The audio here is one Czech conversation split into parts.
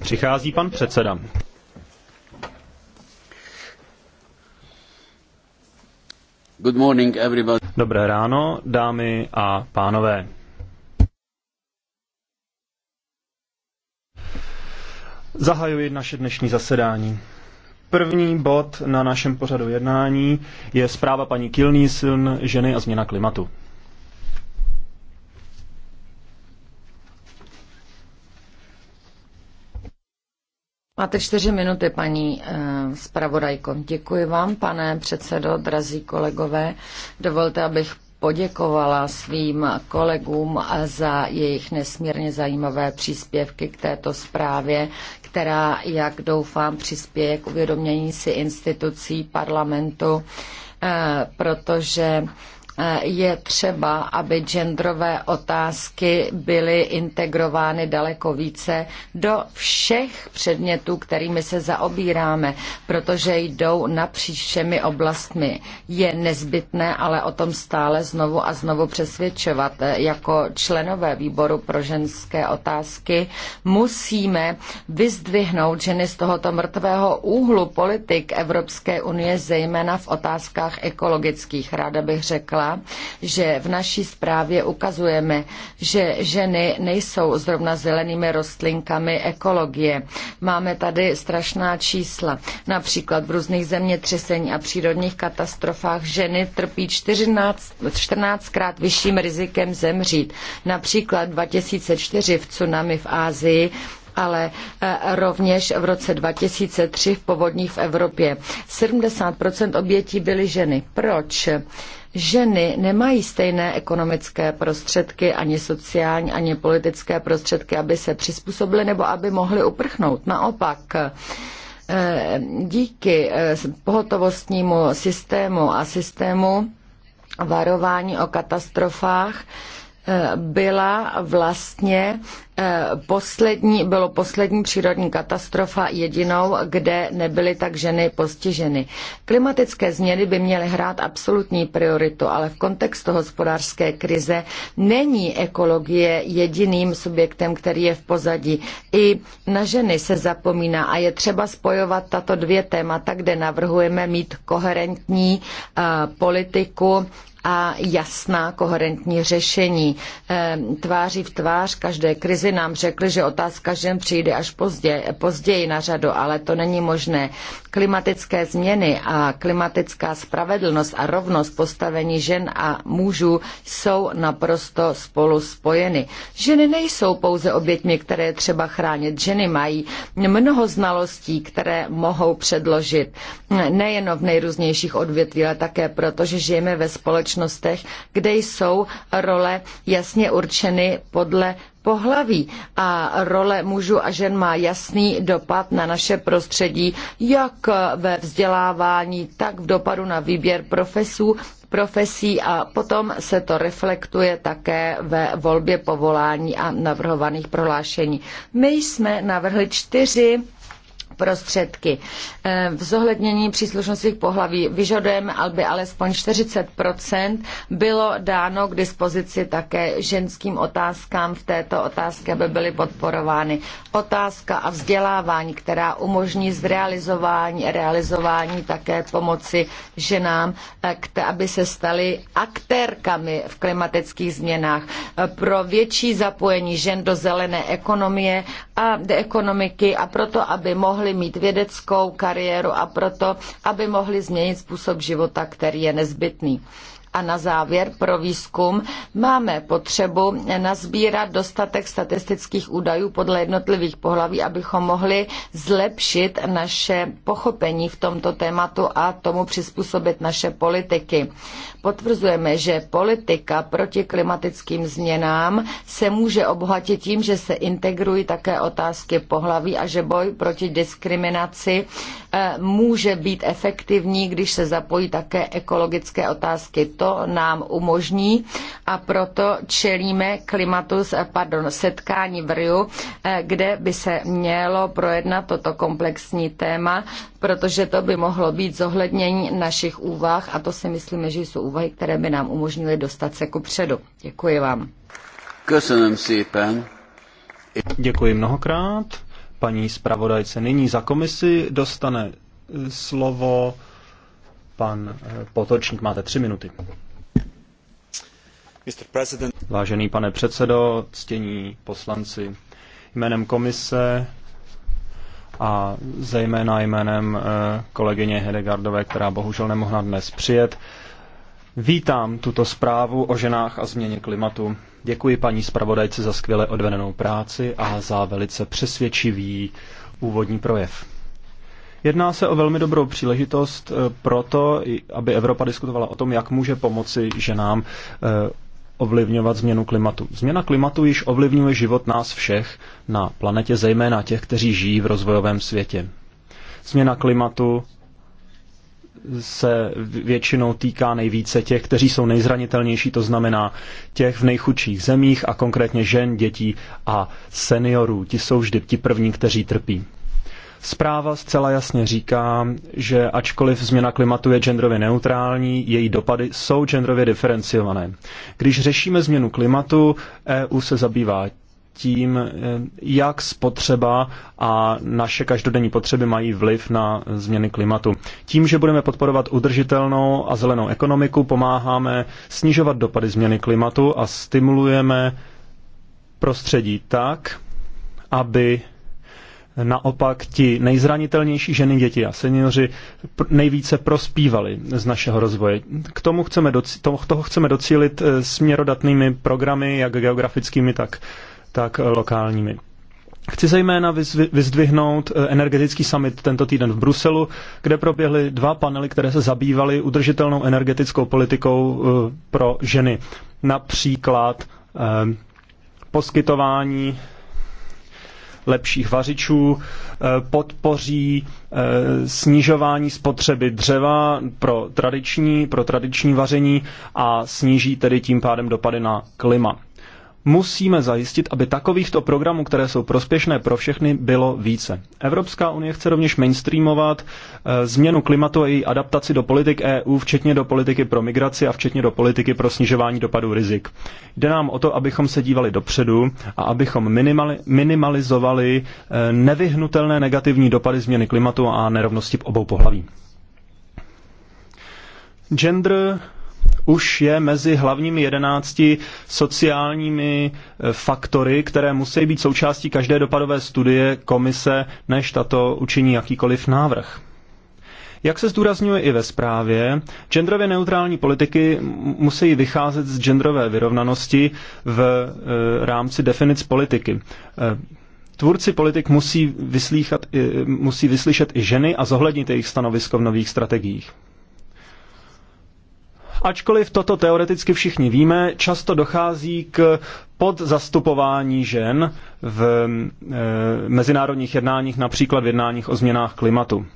Přichází pan předseda. Good morning, everybody. Dobré ráno, dámy a pánové. Zahajuji naše dnešní zasedání. První bod na našem pořadu jednání je zpráva paní Kilnísiln, ženy a změna klimatu. Máte čtyři minuty, paní eh, zpravodajko. Děkuji vám, pane předsedo, drazí kolegové. Dovolte, abych poděkovala svým kolegům za jejich nesmírně zajímavé příspěvky k této zprávě, která, jak doufám, přispěje k uvědomění si institucí parlamentu, eh, protože je třeba, aby genderové otázky byly integrovány daleko více do všech předmětů, kterými se zaobíráme, protože jdou napříč všemi oblastmi. Je nezbytné ale o tom stále znovu a znovu přesvědčovat. Jako členové výboru pro ženské otázky musíme vyzdvihnout ženy z tohoto mrtvého úhlu politik Evropské unie, zejména v otázkách ekologických. Ráda bych řekla, že v naší zprávě ukazujeme, že ženy nejsou zrovna zelenými rostlinkami ekologie. Máme tady strašná čísla. Například v různých zemětřesení a přírodních katastrofách ženy trpí 14, 14 krát vyšším rizikem zemřít. Například 2004 v tsunami v Ázii ale e, rovněž v roce 2003 v povodních v Evropě. 70 obětí byly ženy. Proč? ženy nemají stejné ekonomické prostředky, ani sociální, ani politické prostředky, aby se přizpůsobily nebo aby mohly uprchnout. Naopak, eh, díky eh, pohotovostnímu systému a systému varování o katastrofách byla vlastně eh, poslední, bylo poslední přírodní katastrofa jedinou, kde nebyly tak ženy postiženy. Klimatické změny by měly hrát absolutní prioritu, ale v kontextu hospodářské krize není ekologie jediným subjektem, který je v pozadí. I na ženy se zapomíná a je třeba spojovat tato dvě témata, kde navrhujeme mít koherentní eh, politiku a jasná koherentní řešení. Eh, tváří v tvář každé krizi nám řekli, že otázka žen přijde až pozdě, později na řadu, ale to není možné. Klimatické změny a klimatická spravedlnost a rovnost postavení žen a mužů jsou naprosto spolu spojeny. Ženy nejsou pouze oběťmi, které třeba chránit. Ženy mají mnoho znalostí, které mohou předložit nejen v nejrůznějších odvětví, ale také proto, že žijeme ve společnosti, společnostech, kde jsou role jasně určeny podle pohlaví a role mužů a žen má jasný dopad na naše prostředí, jak ve vzdělávání, tak v dopadu na výběr profesů, profesí a potom se to reflektuje také ve volbě povolání a navrhovaných prohlášení. My jsme navrhli čtyři prostředky. Eh, v zohlednění příslušnosti k pohlaví vyžadujeme, aby alespoň 40 bylo dáno k dispozici také ženským otázkám v této otázce, aby byly podporovány. Otázka a vzdělávání, která umožní zrealizování realizování také pomoci ženám, eh, aby se staly aktérkami v klimatických změnách. Eh, pro větší zapojení žen do zelené ekonomie a ekonomiky a proto, aby mohli mít vědeckou kariéru a proto, aby mohli změnit způsob života, který je nezbytný. A na závěr pro výzkum máme potřebu nazbírat dostatek statistických údajů podle jednotlivých pohlaví, abychom mohli zlepšit naše pochopení v tomto tématu a tomu přizpůsobit naše politiky. Potvrzujeme, že politika proti klimatickým změnám se může obohatit tím, že se integrují také otázky pohlaví a že boj proti diskriminaci eh, může být efektivní, když se zapojí také ekologické otázky. To to nám umožní a proto čelíme klimatu, pardon, setkání v Riu, eh, kde by se mělo projednat toto komplexní téma, protože to by mohlo být zohlednění našich úvah a to si myslíme, že jsou úvahy, které by nám umožnily dostat se ku předu. Děkuji vám. Děkuji mnohokrát. Paní zpravodajce nyní za komisi dostane slovo Pan eh, Potočník, máte tři minuty. Vážený pane předsedo, ctění poslanci, jménem komise a zejména jménem eh, kolegyně Hedegardové, která bohužel nemohla dnes přijet, vítám tuto zprávu o ženách a změně klimatu. Děkuji paní zpravodajci za skvěle odvedenou práci a za velice přesvědčivý úvodní projev. Jedná se o velmi dobrou příležitost eh, pro to, aby Evropa diskutovala o tom, jak může pomoci ženám eh, ovlivňovat změnu klimatu. Změna klimatu již ovlivňuje život nás všech na planetě, zejména těch, kteří žijí v rozvojovém světě. Změna klimatu se většinou týká nejvíce těch, kteří jsou nejzranitelnější, to znamená těch v nejchudších zemích a konkrétně žen, dětí a seniorů. Ti jsou vždy ti první, kteří trpí. Zpráva zcela jasně říká, že ačkoliv změna klimatu je genderově neutrální, její dopady jsou genderově diferenciované. Když řešíme změnu klimatu, EU se zabývá tím, jak spotřeba a naše každodenní potřeby mají vliv na změny klimatu. Tím, že budeme podporovat udržitelnou a zelenou ekonomiku, pomáháme snižovat dopady změny klimatu a stimulujeme prostředí tak, aby Naopak ti nejzranitelnější ženy, děti a seniori nejvíce prospívali z našeho rozvoje. K tomu chceme, doci- to, toho chceme docílit eh, směrodatnými programy, jak geografickými, tak, tak lokálními. Chci zejména vyzdvihnout eh, energetický summit tento týden v Bruselu, kde proběhly dva panely, které se zabývaly udržitelnou energetickou politikou eh, pro ženy. Například poskytování lepších vařičů, eh, podpoří eh, snižování spotřeby dřeva pro tradiční, pro tradiční vaření a sníží tedy tím pádem dopady na klima musíme zajistit, aby takovýchto programů, které jsou prospěšné pro všechny, bylo více. Evropská unie chce rovněž mainstreamovat eh, změnu klimatu a její adaptaci do politik EU, včetně do politiky pro migraci a včetně do politiky pro snižování dopadů rizik. Jde nám o to, abychom se dívali dopředu a abychom minimali, minimalizovali eh, nevyhnutelné negativní dopady změny klimatu a nerovnosti v obou pohlaví. Gender už je mezi hlavními jedenácti sociálními eh, faktory, které musí být součástí každé dopadové studie komise, než tato učiní jakýkoliv návrh. Jak se zdůrazňuje i ve zprávě, genderově neutrální politiky musí vycházet z genderové vyrovnanosti v eh, rámci definic politiky. Eh, tvůrci politik musí, vyslíchat, musí vyslyšet i ženy a zohlednit jejich stanovisko v nových strategiích. Ačkoliv toto teoreticky všichni víme, často dochází k podzastupování žen v e, mezinárodních jednáních, například v jednáních o změnách klimatu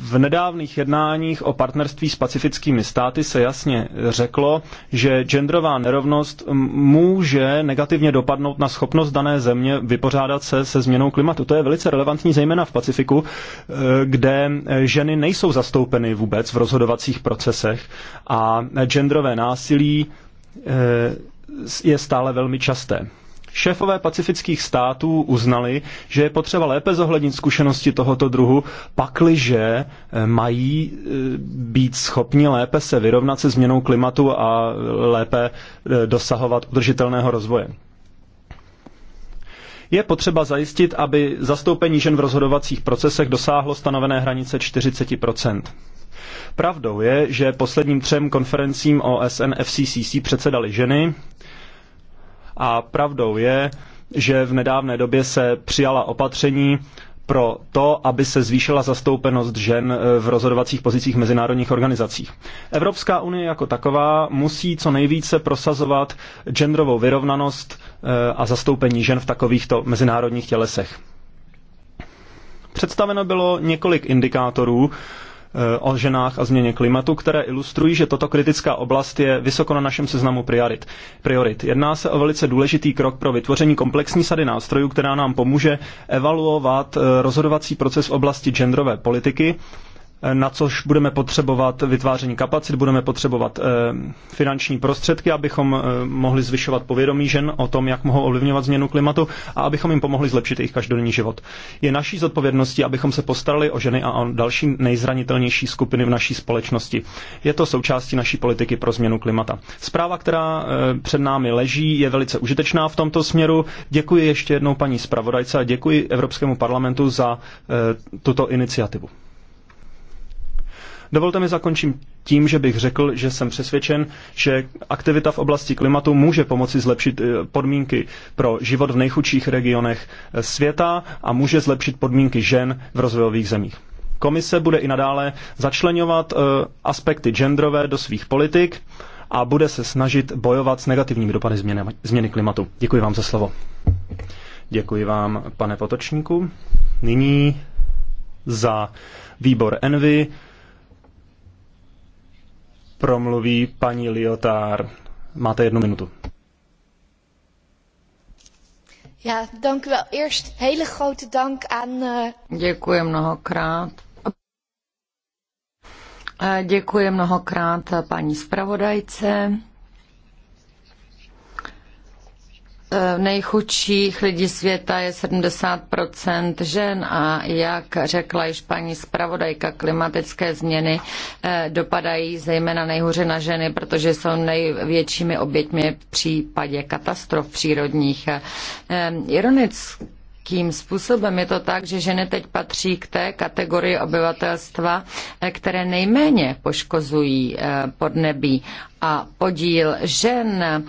v nedávných jednáních o partnerství s pacifickými státy se jasně řeklo, že genderová nerovnost může negativně dopadnout na schopnost dané země vypořádat se se změnou klimatu. To je velice relevantní zejména v Pacifiku, eh, kde eh, ženy nejsou zastoupeny vůbec v rozhodovacích procesech a genderové násilí eh, je stále velmi časté. Šéfové pacifických států uznali, že je potřeba lépe zohlednit zkušenosti tohoto druhu, pakliže eh, mají eh, být schopni lépe se vyrovnat se změnou klimatu a lépe eh, dosahovat udržitelného rozvoje. Je potřeba zajistit, aby zastoupení žen v rozhodovacích procesech dosáhlo stanovené hranice 40 Pravdou je, že posledním třem konferencím OSN FCCC předsedali ženy, a pravdou je, že v nedávné době se přijala opatření pro to, aby se zvýšila zastoupenost žen eh, v rozhodovacích pozicích mezinárodních organizacích. Evropská unie jako taková musí co nejvíce prosazovat genderovou vyrovnanost eh, a zastoupení žen v takovýchto mezinárodních tělesech. Představeno bylo několik indikátorů, Eh, o ženách a změně klimatu, které ilustrují, že toto kritická oblast je vysoko na našem seznamu priorit. priorit. Jedná se o velice důležitý krok pro vytvoření komplexní sady nástrojů, která nám pomůže evaluovat eh, rozhodovací proces v oblasti genderové politiky, Eh, na což budeme potřebovat vytváření kapacit, budeme potřebovat eh, finanční prostředky, abychom eh, mohli zvyšovat povědomí žen o tom, jak mohou ovlivňovat změnu klimatu a abychom jim pomohli zlepšit jejich každodenní život. Je naší zodpovědností, abychom se postarali o ženy a o další nejzranitelnější skupiny v naší společnosti. Je to součástí naší politiky pro změnu klimata. Zpráva, která před námi leží, je velice užitečná v tomto směru. Děkuji ještě jednou paní zpravodajce a děkuji Evropskému parlamentu za tuto iniciativu. Dovolte mi zakončím tím, že bych řekl, že jsem přesvědčen, že aktivita v oblasti klimatu může pomoci zlepšit eh, podmínky pro život v nejchudších regionech eh, světa a může zlepšit podmínky žen v rozvojových zemích. Komise bude i nadále začlenovat eh, aspekty genderové do svých politik a bude se snažit bojovat s negativními dopady změny, změny klimatu. Děkuji vám za slovo. Děkuji vám, pane Potočníku. Nyní za výbor Envy promluví paní Liotár. Máte jednu minutu. Ja, dank u wel. Eerst hele grote dank aan... Eh, děkuji mnohokrát. Eh, děkuji mnohokrát eh, paní zpravodajce. Eh, nejchudších lidí světa je 70 žen a jak řekla již paní zpravodajka, klimatické změny eh, dopadají zejména nejhůře na ženy, protože jsou největšími oběťmi v případě katastrof přírodních. Eh, Ironicky tím způsobem. Je to tak, že ženy teď patří k té kategorii obyvatelstva, které nejméně poškozují podnebí a podíl žen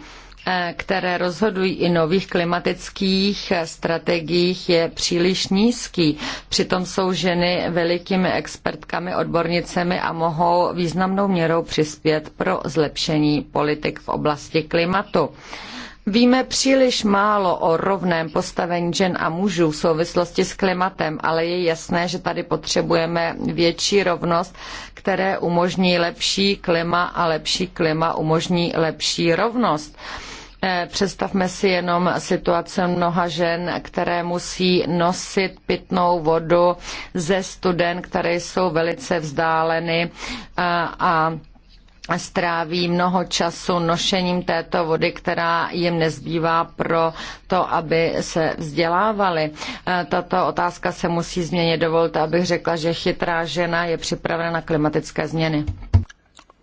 Eh, které rozhodují i nových klimatických eh, strategiích, je příliš nízký. Přitom jsou ženy velikými expertkami, odbornicemi a mohou významnou měrou přispět pro zlepšení politik v oblasti klimatu. Víme příliš málo o rovném postavení žen a mužů v souvislosti s klimatem, ale je jasné, že tady potřebujeme větší rovnost, které umožní lepší klima a lepší klima umožní lepší rovnost. Eh, představme si jenom situace mnoha žen, které musí nosit pitnou vodu ze studen, které jsou velice vzdáleny eh, a stráví mnoho času nošením této vody, která jim nezbývá pro to, aby se vzdělávali. Eh, tato otázka se musí změnit. Dovolte, abych řekla, že chytrá žena je připravena na klimatické změny.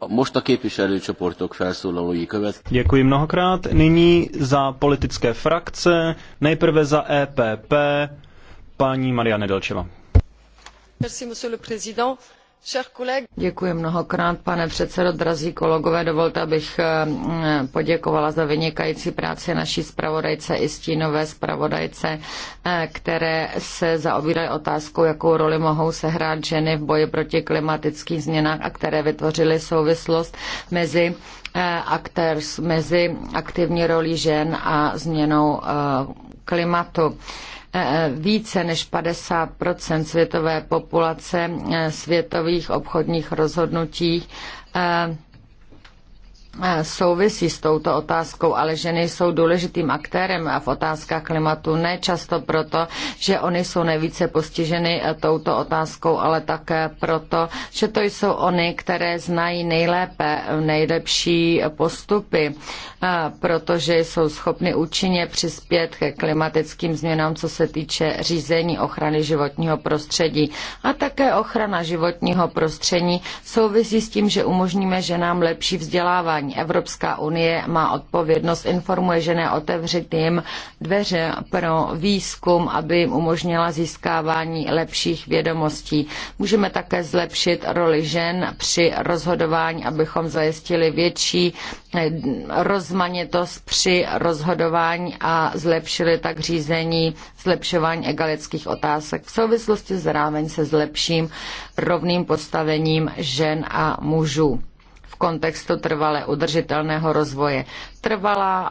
Most a képviselőcsoportok felszólalói követ. Děkuji mnohokrát. Nyní za politické frakce, nejprve za EPP, paní Maria Nedelčeva. Merci, monsieur le président. Děkuji mnohokrát, pane předsedo, drazí kolegové. Dovolte, abych eh, poděkovala za vynikající práci naší zpravodajce i stínové zpravodajce, eh, které se zaobírají otázkou, jakou roli mohou sehrát ženy v boji proti klimatickým změnám a které vytvořily souvislost mezi eh, mezi aktivní rolí žen a změnou klimatu. Eh, více než 50 světové populace eh, světových obchodních rozhodnutí eh, souvisí s touto otázkou, ale ženy jsou důležitým aktérem v otázkách klimatu, ne často proto, že oni jsou nejvíce postiženy touto otázkou, ale také proto, že to jsou oni, které znají nejlépe, nejlepší postupy, protože jsou schopny účinně přispět ke klimatickým změnám, co se týče řízení ochrany životního prostředí. A také ochrana životního prostředí souvisí s tím, že umožníme ženám lepší vzdělávání jednání. Evropská unie má odpovědnost, informuje žené otevřít jim dveře pro výzkum, aby jim umožnila získávání lepších vědomostí. Můžeme také zlepšit roli žen při rozhodování, abychom zajistili větší eh, rozmanitost při rozhodování a zlepšili tak řízení, zlepšování egalických otázek v souvislosti zároveň se zlepším rovným postavením žen a mužů kontextu trvale udržitelného rozvoje. Trvalá e,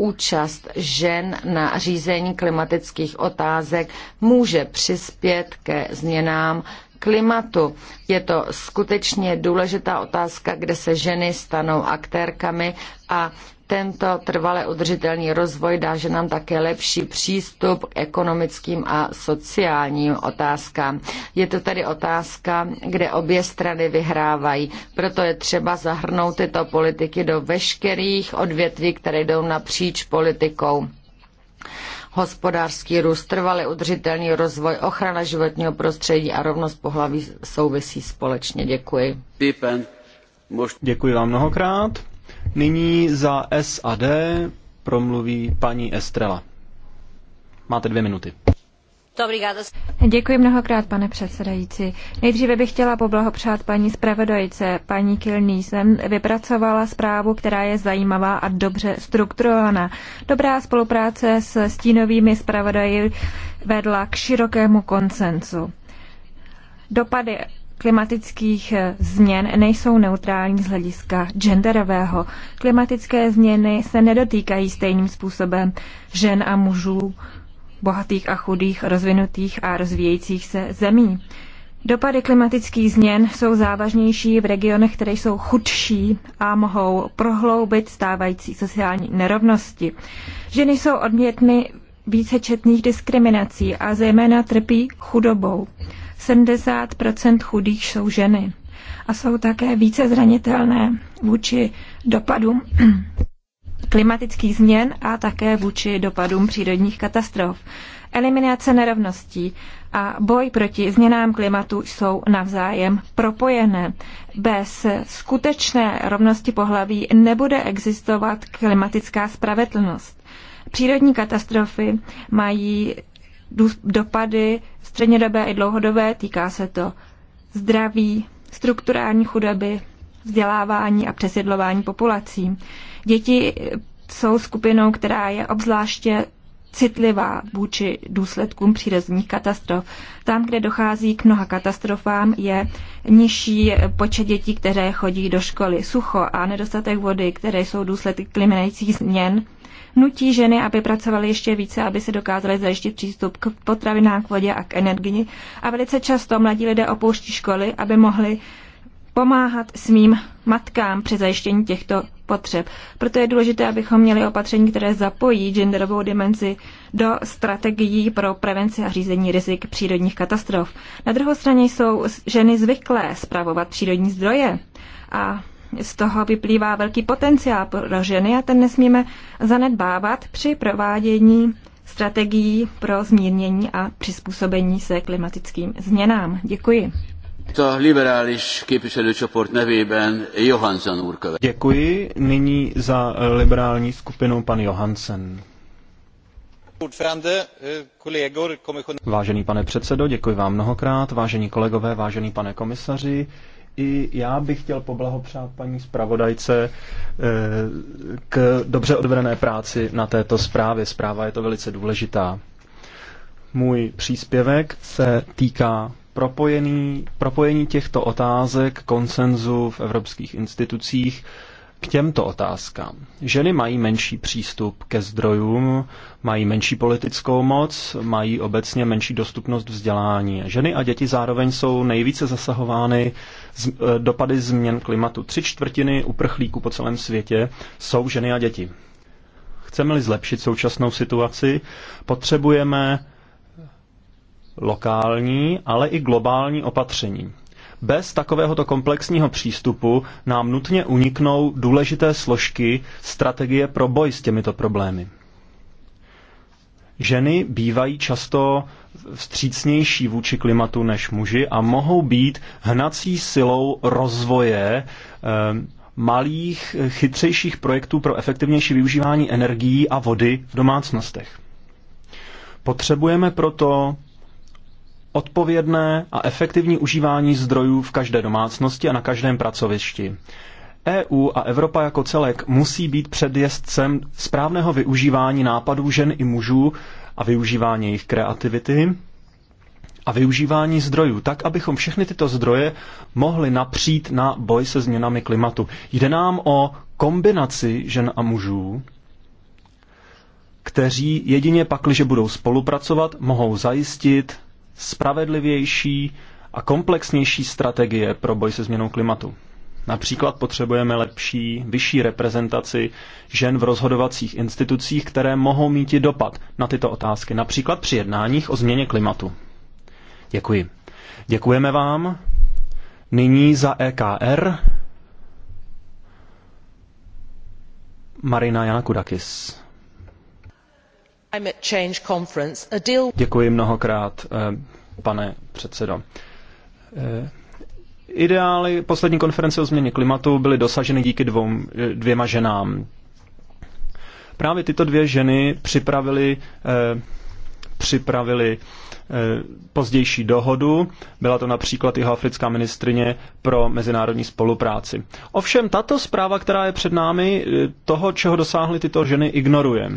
účast žen na řízení klimatických otázek může přispět ke změnám klimatu. Je to skutečně důležitá otázka, kde se ženy stanou aktérkami a tento trvale udržitelný rozvoj dá ženám také lepší přístup k ekonomickým a sociálním otázkám. Je to tedy otázka, kde obě strany vyhrávají. Proto je třeba zahrnout tyto politiky do veškerých odvětví, které jdou napříč politikou hospodářský růst, trvale udržitelný rozvoj, ochrana životního prostředí a rovnost pohlaví souvisí společně. Děkuji. Děkuji vám mnohokrát. Nyní za SAD promluví paní Estrela. Máte dvě minuty. Děkuji mnohokrát, pane předsedající. Nejdříve bych chtěla poblahopřát paní zpravodajce, paní Kilný. Kilnísen, vypracovala zprávu, která je zajímavá a dobře strukturovaná. Dobrá spolupráce s stínovými zpravodaji vedla k širokému konsenzu. Dopady klimatických eh, změn nejsou neutrální z hlediska genderového. Klimatické změny se nedotýkají stejným způsobem žen a mužů, bohatých a chudých, rozvinutých a rozvíjejících se zemí. Dopady klimatických změn jsou závažnější v regionech, které jsou chudší a mohou prohloubit stávající sociální nerovnosti. Ženy jsou odmětny vícečetných diskriminací a zejména trpí chudobou. 70 chudých jsou ženy a jsou také více zranitelné vůči dopadům klimatických změn a také vůči dopadům přírodních katastrof. Eliminace nerovností a boj proti změnám klimatu jsou navzájem propojené. Bez skutečné rovnosti pohlaví nebude existovat klimatická spravedlnost. Přírodní katastrofy mají dopady střednědobé i dlouhodobé. Týká se to zdraví, strukturální chudoby, vzdělávání a přesidlování populací. Děti jsou skupinou, která je obzvláště citlivá vůči důsledkům přírodních katastrof. Tam, kde dochází k mnoha katastrofám, je nižší počet dětí, které chodí do školy. Sucho a nedostatek vody, které jsou důsledky klimaticích změn, nutí ženy, aby pracovaly ještě více, aby se dokázaly zajistit přístup k potravinám, k vodě a k energii. A velice často mladí lidé opouští školy, aby mohli pomáhat svým matkám při zajištění těchto potřeb. Proto je důležité, abychom měli opatření, které zapojí genderovou dimenzi do strategií pro prevenci a řízení rizik přírodních katastrof. Na druhou straně jsou ženy zvyklé spravovat přírodní zdroje a z toho vyplývá velký potenciál pro ženy a ten nesmíme zanedbávat při provádění strategií pro zmírnění a přizpůsobení se klimatickým změnám. Děkuji. liberális Děkuji. Nyní za liberální skupinu pan Johansen. Vážený pane předsedo, děkuji vám mnohokrát. Vážení kolegové, vážený pane komisaři, i já bych chtěl poblahopřát paní zpravodajce eh, k dobře odvedené práci na této zprávě. Zpráva je to velice důležitá. Můj příspěvek se týká propojení propojení těchto otázek, konsenzu v evropských institucích k těmto otázkám. Ženy mají menší přístup ke zdrojům, mají menší politickou moc, mají obecně menší dostupnost vzdělání. Ženy a děti zároveň jsou nejvíce zasahovány z, e, dopady změn klimatu. Tři čtvrtiny uprchlíků po celém světě jsou ženy a děti. Chceme-li zlepšit současnou situaci, potřebujeme lokální, ale i globální opatření. Bez takovéhoto komplexního přístupu nám nutně uniknou důležité složky strategie pro boj s těmito problémy. Ženy bývají často vstřícnější vůči klimatu než muži a mohou být hnací silou rozvoje eh, malých, chytřejších projektů pro efektivnější využívání energií a vody v domácnostech. Potřebujeme proto odpovědné a efektivní užívání zdrojů v každé domácnosti a na každém pracovišti. EU a Evropa jako celek musí být předjezdcem správného využívání nápadů žen i mužů a využívání jejich kreativity a využívání zdrojů, tak abychom všechny tyto zdroje mohli napřít na boj se změnami klimatu. Jde nám o kombinaci žen a mužů, kteří jedině pakliže budou spolupracovat, mohou zajistit spravedlivější a komplexnější strategie pro boj se změnou klimatu. Například potřebujeme lepší, vyšší reprezentaci žen v rozhodovacích institucích, které mohou mít i dopad na tyto otázky, například při jednáních o změně klimatu. Děkuji. Děkujeme vám. Nyní za EKR Marina Janakudakis. Děkuji mnohokrát, eh, pane předsedo. Eh, ideály poslední konference o změně klimatu byly dosaženy díky dvou, eh, dvěma ženám. Právě tyto dvě ženy připravily připravili pozdější dohodu. Byla to například jeho africká ministrině pro mezinárodní spolupráci. Ovšem tato zpráva, která je před námi, toho, čeho dosáhly tyto ženy, ignoruje.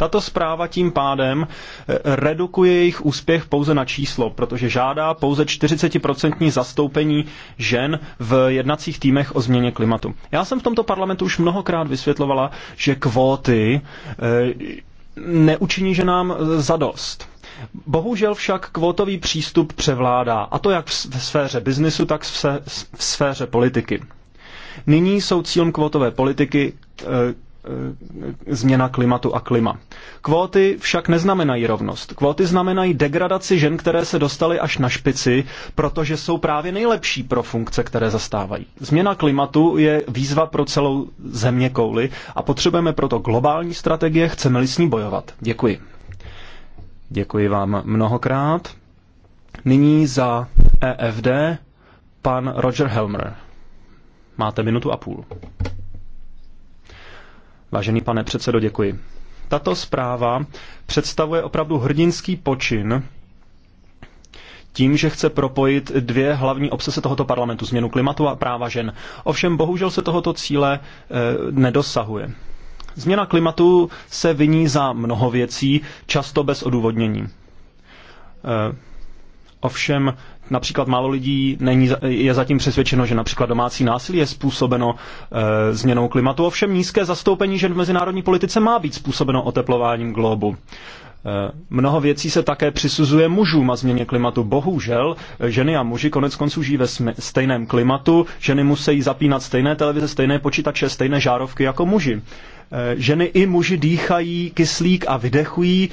Tato zpráva tím pádem eh, redukuje jejich úspěch pouze na číslo, protože žádá pouze 40% zastoupení žen v jednacích týmech o změně klimatu. Já jsem v tomto parlamentu už mnohokrát vysvětlovala, že kvóty eh, neučiní, že nám eh, zadost. Bohužel však kvótový přístup převládá, a to jak v sféře biznisu, tak v sféře politiky. Nyní jsou cílem kvotové politiky E, změna klimatu a klima. Kvóty však neznamenají rovnost. Kvóty znamenají degradaci žen, které se dostaly až na špici, protože jsou právě nejlepší pro funkce, které zastávají. Změna klimatu je výzva pro celou země kouly a potřebujeme proto globální strategie, chceme-li s ní bojovat. Děkuji. Děkuji vám mnohokrát. Nyní za EFD pan Roger Helmer. Máte minutu a půl. Vážený pane předsedo, děkuji. Tato zpráva představuje opravdu hrdinský počin tím, že chce propojit dvě hlavní obsese tohoto parlamentu, změnu klimatu a práva žen. Ovšem bohužel se tohoto cíle e, nedosahuje. Změna klimatu se viní za mnoho věcí, často bez odůvodnění. E, Ovšem například málo lidí není, je zatím přesvědčeno, že například domácí násilí je způsobeno e, změnou klimatu. Ovšem nízké zastoupení žen v mezinárodní politice má být způsobeno oteplováním globu. E, mnoho věcí se také přisuzuje mužům a změně klimatu. Bohužel eh, ženy a muži konec konců žijí ve stejném klimatu, ženy musí zapínat stejné televize, stejné počítače, stejné žárovky jako muži ženy i muži dýchají kyslík a vydechují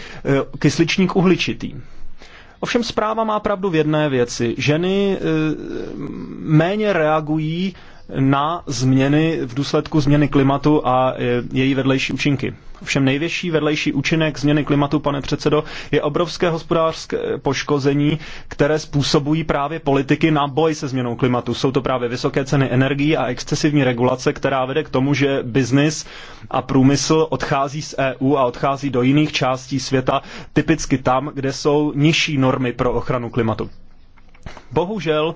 kysličník uhličitý. Ovšem zpráva má pravdu v jedné věci. Ženy eh, méně reagují na změny v důsledku změny klimatu a e, její vedlejší účinky. Všem největší vedlejší účinek změny klimatu, pane předsedo, je obrovské hospodářské poškození, které způsobují právě politiky na boj se změnou klimatu. Jsou to právě vysoké ceny energií a excesivní regulace, která vede k tomu, že biznis a průmysl odchází z EU a odchází do jiných částí světa, typicky tam, kde jsou nižší normy pro ochranu klimatu. Bohužel,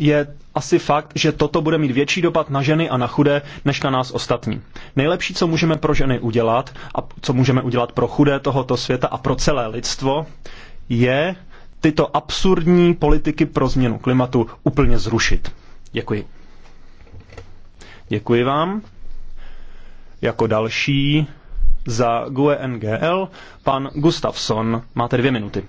je asi fakt, že toto bude mít větší dopad na ženy a na chudé, než na nás ostatní. Nejlepší, co můžeme pro ženy udělat a co můžeme udělat pro chudé tohoto světa a pro celé lidstvo, je tyto absurdní politiky pro změnu klimatu úplně zrušit. Děkuji. Děkuji vám. Jako další za GUE NGL pan Gustafsson. Máte dvě minuty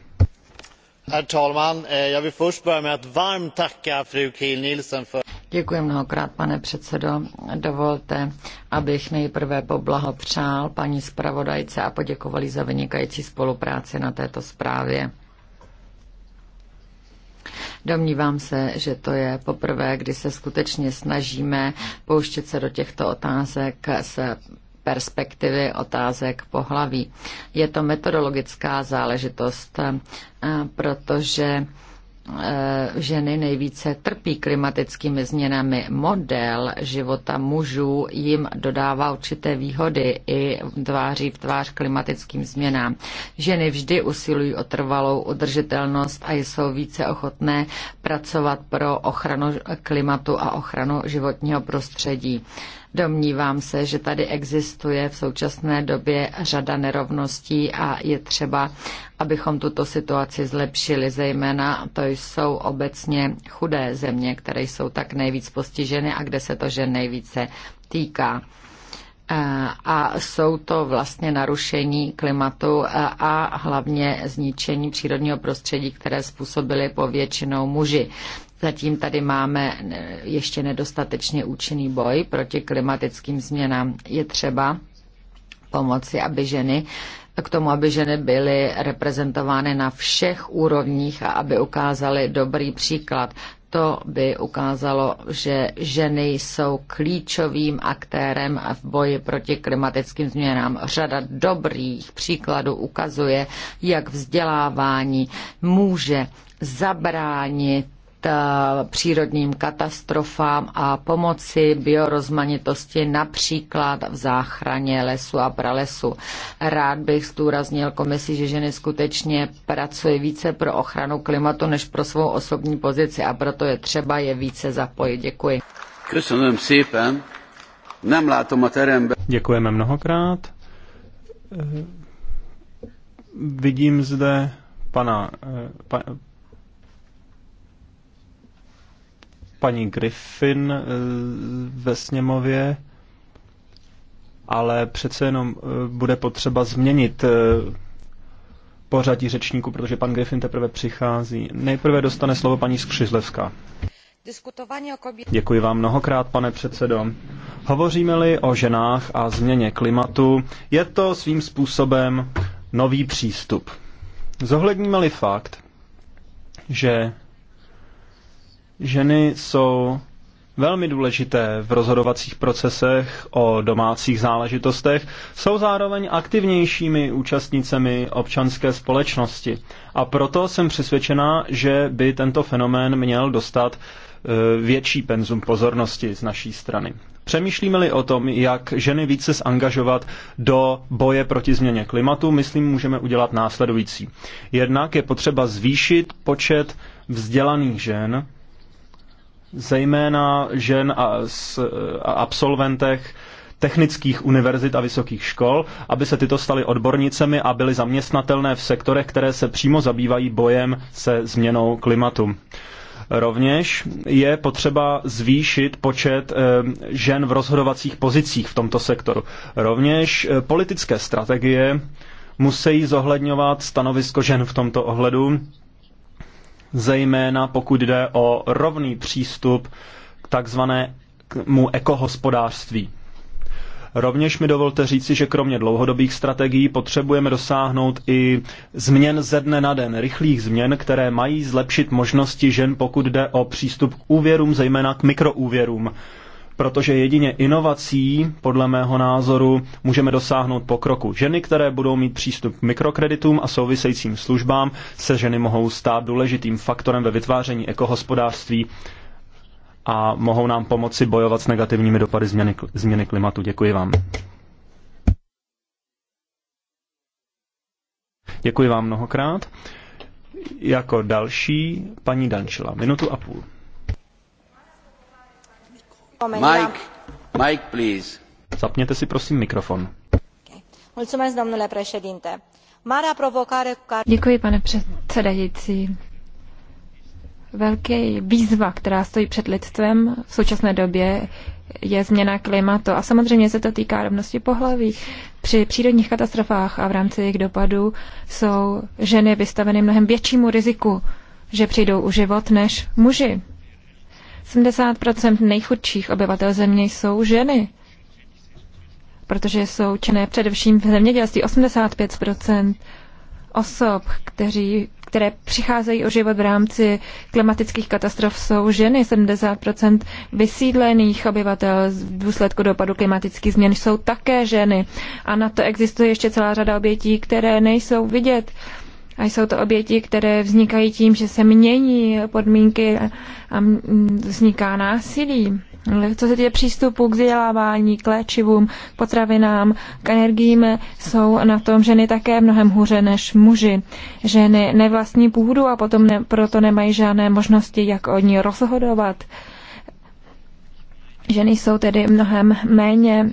herr talman! Eh, jag vill först börja med att varmt tacka fru kiil nielsen för Děkuji mnohokrát, pane předsedo. Dovolte, abych nejprve poblahopřál paní zpravodajce a poděkovali za vynikající spolupráci na této zprávě. Domnívám se, že to je poprvé, kdy se skutečně snažíme pouštět se do těchto otázek z perspektivy otázek pohlaví. Je to metodologická záležitost, eh, protože eh, ženy nejvíce trpí klimatickými změnami. Model života mužů jim dodává určité výhody i tváří v tvář klimatickým změnám. Ženy vždy usilují o trvalou udržitelnost a jsou více ochotné pracovat pro ochranu klimatu a ochranu životního prostředí. Domnívám se, že tady existuje v současné době řada nerovností a je třeba, abychom tuto situaci zlepšili. Zejména to jsou obecně chudé země, které jsou tak nejvíc postiženy a kde se to že nejvíce týká. Eh, a jsou to vlastně narušení klimatu eh, a hlavně zničení přírodního prostředí, které způsobily povětšinou muži. Zatím tady máme eh, ještě nedostatečně účinný boj proti klimatickým změnám. Je třeba pomoci, aby ženy k tomu, aby ženy byly reprezentovány na všech úrovních a aby ukázaly dobrý příklad. To by ukázalo, že ženy jsou klíčovým aktérem v boji proti klimatickým změnám. Řada dobrých příkladů ukazuje, jak vzdělávání může zabránit přírodním katastrofám a pomoci biorozmanitosti například v záchraně lesu a pralesu. Rád bych zdůraznil komisi, že ženy skutečně pracují více pro ochranu klimatu než pro svou osobní pozici a proto je třeba je více zapojit. Děkuji. Děkujeme mnohokrát. Eh, vidím zde pana, eh, pa, paní Griffin eh, ve sněmově, ale přece jenom eh, bude potřeba změnit eh, pořadí řečníku, protože pan Griffin teprve přichází. Nejprve dostane slovo paní Skřizlevská. Děkuji vám mnohokrát, pane předsedo. Hovoříme-li o ženách a změně klimatu, je to svým způsobem nový přístup. Zohledníme-li fakt, že Ženy jsou velmi důležité v rozhodovacích procesech o domácích záležitostech, jsou zároveň aktivnějšími účastnicemi občanské společnosti. A proto jsem přesvědčená, že by tento fenomén měl dostat e, větší penzum pozornosti z naší strany. Přemýšlíme-li o tom, jak ženy více zangažovat do boje proti změně klimatu, myslím, můžeme udělat následující. Jednak je potřeba zvýšit počet vzdělaných žen, zejména žen a, a absolventech technických univerzit a vysokých škol, aby se tyto staly odbornicemi a byly zaměstnatelné v sektorech, které se přímo zabývají bojem se změnou klimatu. Rovněž je potřeba zvýšit počet eh, žen v rozhodovacích pozicích v tomto sektoru. Rovněž eh, politické strategie musí zohledňovat stanovisko žen v tomto ohledu zejména pokud jde o rovný přístup k takzvanému ekohospodářství. Rovněž mi dovolte říci, že kromě dlouhodobých strategií potřebujeme dosáhnout i změn ze dne na den, rychlých změn, které mají zlepšit možnosti žen, pokud jde o přístup k úvěrům, zejména k mikroúvěrům protože jedině inovací, podle mého názoru, můžeme dosáhnout pokroku. Ženy, které budou mít přístup k mikrokreditům a souvisejícím službám, se ženy mohou stát důležitým faktorem ve vytváření ekohospodářství a mohou nám pomoci bojovat s negativními dopady změny, změny klimatu. Děkuji vám. Děkuji vám mnohokrát. Jako další paní Dančila, minutu a půl. Mike, Mike, si prosím mikrofon. domnule președinte. Marea provocare cu care... Děkuji, pane předsedající. Velký výzva, která stojí před lidstvem v současné době, je změna klimatu. A samozřejmě se to týká rovnosti pohlaví. Při přírodních katastrofách a v rámci jejich dopadů jsou ženy vystaveny mnohem většímu riziku, že přijdou o život než muži. 70% nejchudších obyvatel země jsou ženy, protože jsou činné především v zemědělství. 85% osob, kteří, které přicházejí o život v rámci klimatických katastrof, jsou ženy. 70% vysídlených obyvatel v důsledku dopadu klimatických změn jsou také ženy. A na to existuje ještě celá řada obětí, které nejsou vidět. A jsou to oběti, které vznikají tím, že se mění podmínky a vzniká násilí. Co se týče přístupu k vzdělávání, k léčivům, k potravinám, k energiím, jsou na tom ženy také mnohem hůře než muži. Ženy nevlastní půdu a potom ne, proto nemají žádné možnosti, jak o ní rozhodovat. Ženy jsou tedy mnohem méně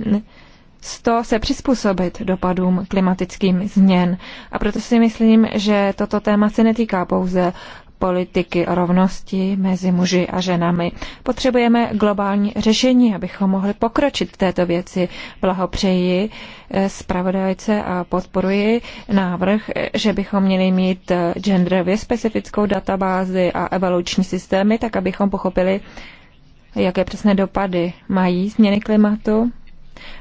to se přizpůsobit dopadům klimatickým změn. A proto si myslím, že toto téma se netýká pouze politiky rovnosti mezi muži a ženami. Potřebujeme globální řešení, abychom mohli pokročit v této věci. Blahopřeji eh, zpravodajce a podporuji návrh, eh, že bychom měli mít eh, genderově specifickou databázi a evoluční systémy, tak abychom pochopili, jaké přesné dopady mají změny klimatu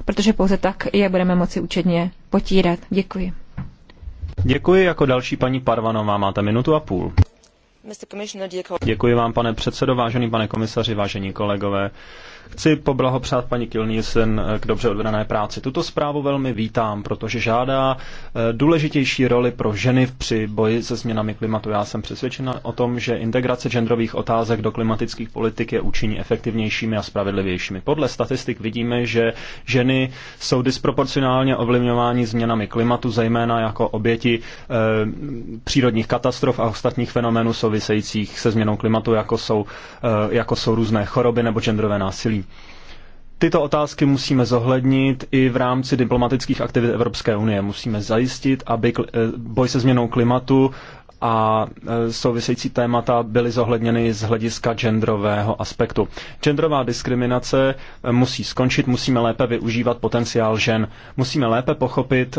protože pouze tak je budeme moci účetně potírat. Děkuji. Děkuji. Jako další paní Parvanová máte minutu a půl. Děkuji vám, pane předsedo, vážený pane komisaři, vážení kolegové. Chci poblahopřát paní Kilnielsen eh, k dobře odvedené práci. Tuto zprávu velmi vítám, protože žádá eh, důležitější roli pro ženy při boji se změnami klimatu. Já jsem přesvědčena o tom, že integrace genderových otázek do klimatických politik je účinně efektivnějšími a spravedlivějšími. Podle statistik vidíme, že ženy jsou disproporcionálně ovlivňovány změnami klimatu, zejména jako oběti eh, přírodních katastrof a ostatních fenoménů souvisejících souvisejících se změnou klimatu, jako jsou, eh, jako jsou různé choroby nebo genderové násilí. Tyto otázky musíme zohlednit i v rámci diplomatických aktivit Evropské unie. Musíme zajistit, aby eh, boj se změnou klimatu a eh, související témata byly zohledněny z hlediska genderového aspektu. Genderová diskriminace musí skončit, musíme lépe využívat potenciál žen, musíme lépe pochopit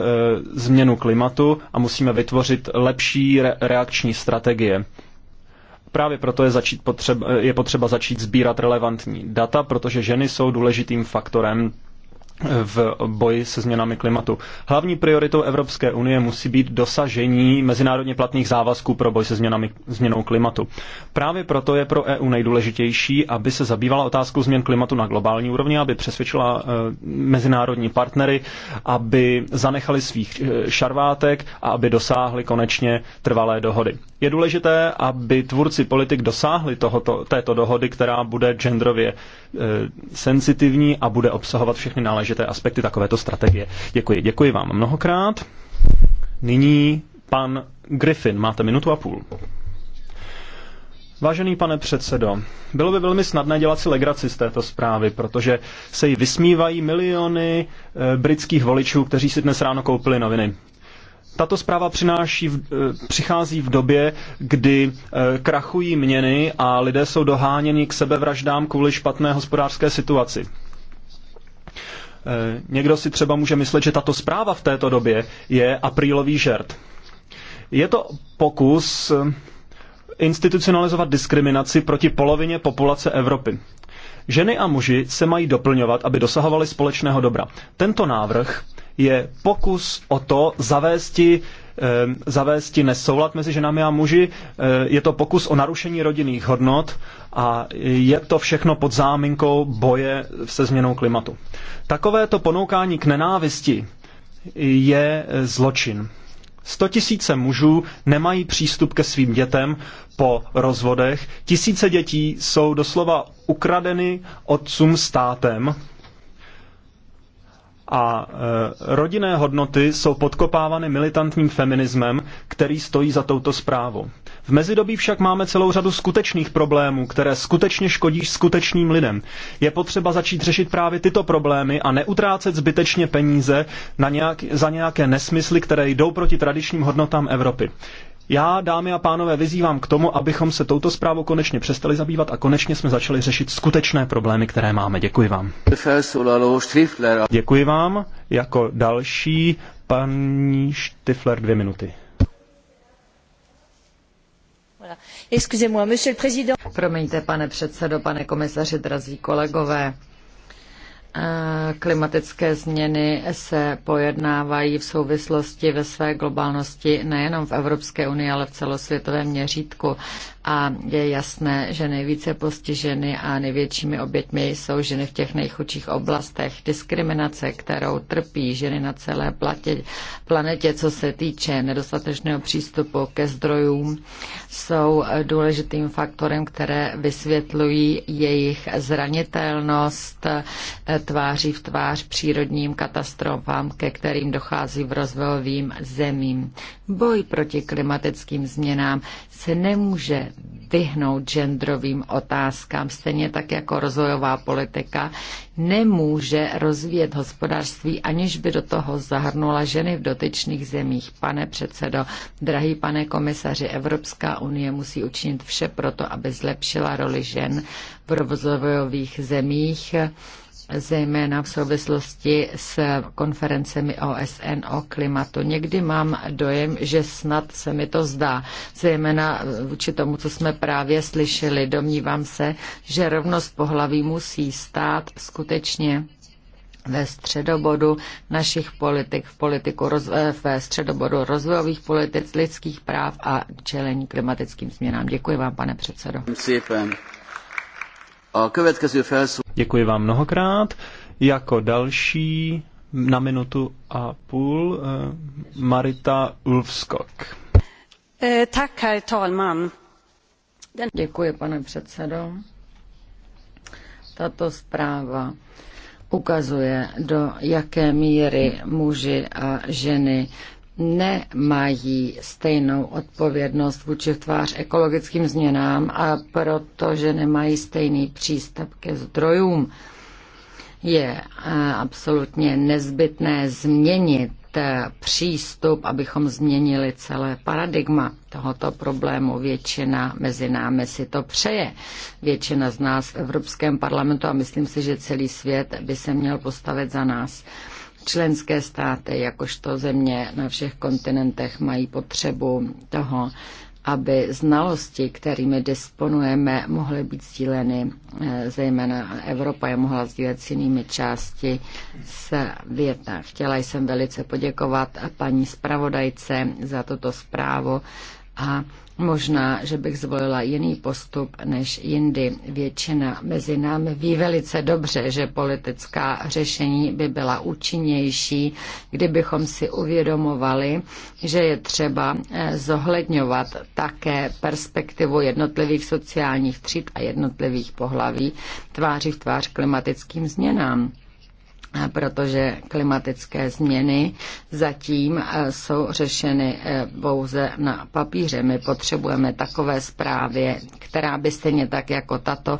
změnu klimatu a musíme vytvořit lepší reakční strategie. Právě proto je, začít potřeba, je potřeba začít sbírat relevantní data, protože ženy jsou důležitým faktorem v boji se změnami klimatu. Hlavní prioritou Evropské unie musí být dosažení mezinárodně platných závazků pro boj se změnami, změnou klimatu. Právě proto je pro EU nejdůležitější, aby se zabývala otázkou změn klimatu na globální úrovni, aby přesvědčila eh, mezinárodní partnery, aby zanechali svých eh, šarvátek a aby dosáhli konečně trvalé dohody. Je důležité, aby tvůrci politik dosáhli tohoto, této dohody, která bude genderově eh, senzitivní a bude obsahovat všechny náležitosti důležité aspekty takovéto strategie. Děkuji, děkuji vám mnohokrát. Nyní pan Griffin, máte minutu a půl. Vážený pane předsedo, bylo by velmi snadné dělat si legraci z této zprávy, protože se jí vysmívají miliony eh, britských voličů, kteří si dnes ráno koupili noviny. Tato zpráva přináší, eh, přichází v době, kdy eh, krachují měny a lidé jsou doháněni k sebevraždám kvůli špatné hospodářské situaci. Eh, někdo si třeba může myslet, že tato zpráva v této době je aprílový žert. Je to pokus eh, institucionalizovat diskriminaci proti polovině populace Evropy. Ženy a muži se mají doplňovat, aby dosahovali společného dobra. Tento návrh je pokus o to zavésti Ehm, zavést nesoulad mezi ženami a muži. Ehm, je to pokus o narušení rodinných hodnot a je to všechno pod záminkou boje se změnou klimatu. Takovéto ponoukání k nenávisti je zločin. 100 tisíce mužů nemají přístup ke svým dětem po rozvodech. Tisíce dětí jsou doslova ukradeny otcům státem a e, rodinné hodnoty jsou podkopávány militantním feminismem, který stojí za touto zprávou. V mezidobí však máme celou řadu skutečných problémů, které skutečně škodí skutečným lidem. Je potřeba začít řešit právě tyto problémy a neutrácet zbytečně peníze na nějak, za nějaké nesmysly, které jdou proti tradičním hodnotám Evropy. Já, dámy a pánové, vyzývám k tomu, abychom se touto zprávou konečně přestali zabývat a konečně jsme začali řešit skutečné problémy, které máme. Děkuji vám. Děkuji vám. Jako další paní Štifler dvě minuty. Promiňte, pane předsedo, pane komisaři, drazí kolegové Klimatické změny se pojednávají v souvislosti ve své globálnosti nejenom v Evropské unii, ale v celosvětovém měřítku. A je jasné, že nejvíce postiženy a největšími oběťmi jsou ženy v těch nejchudších oblastech. Diskriminace, kterou trpí ženy na celé platě, planetě, co se týče nedostatečného přístupu ke zdrojům, jsou důležitým faktorem, které vysvětlují jejich zranitelnost, tváří v tvář přírodním katastrofám, ke kterým dochází v rozvojovým zemím. Boj proti klimatickým změnám se nemůže vyhnout genderovým otázkám, stejně tak jako rozvojová politika nemůže rozvíjet hospodářství, aniž by do toho zahrnula ženy v dotyčných zemích. Pane předsedo, drahý pane komisaři, Evropská unie musí učinit vše proto, aby zlepšila roli žen v rozvojových zemích zejména v souvislosti s konferencemi OSN o klimatu. Někdy mám dojem, že snad se mi to zdá, zejména vůči tomu, co jsme právě slyšeli. Domnívám se, že rovnost pohlaví musí stát skutečně ve středobodu našich politik, v politiku rozvoje, eh, ve středobodu rozvojových politik, lidských práv a čelení klimatickým změnám. Děkuji vám, pane předsedo. Děkujeme. Děkuji vám mnohokrát. Jako další na minutu a půl eh, Marita Ulfskok. Eh, Děkuji, pane předsedo. Tato zpráva ukazuje, do jaké míry muži a ženy nemají stejnou odpovědnost vůči tvář ekologickým změnám a protože nemají stejný přístup ke zdrojům. Je eh, absolutně nezbytné změnit eh, přístup, abychom změnili celé paradigma tohoto problému. Většina mezi námi si to přeje. Většina z nás v Evropském parlamentu a myslím si, že celý svět by se měl postavit za nás. Členské státy, jakožto země na všech kontinentech, mají potřebu toho, aby znalosti, kterými disponujeme, mohly být sdíleny, eh, zejména Evropa je mohla sdílet s jinými části z věta. Chtěla jsem velice poděkovat paní zpravodajce za toto zprávu a Možná, že bych zvolila jiný postup než jindy. Většina mezi námi ví velice dobře, že politická řešení by byla účinnější, kdybychom si uvědomovali, že je třeba eh, zohledňovat také perspektivu jednotlivých sociálních tříd a jednotlivých pohlaví tváří v tvář klimatickým změnám protože klimatické změny zatím eh, jsou řešeny eh, pouze na papíře. My potřebujeme takové zprávy, která by stejně tak jako tato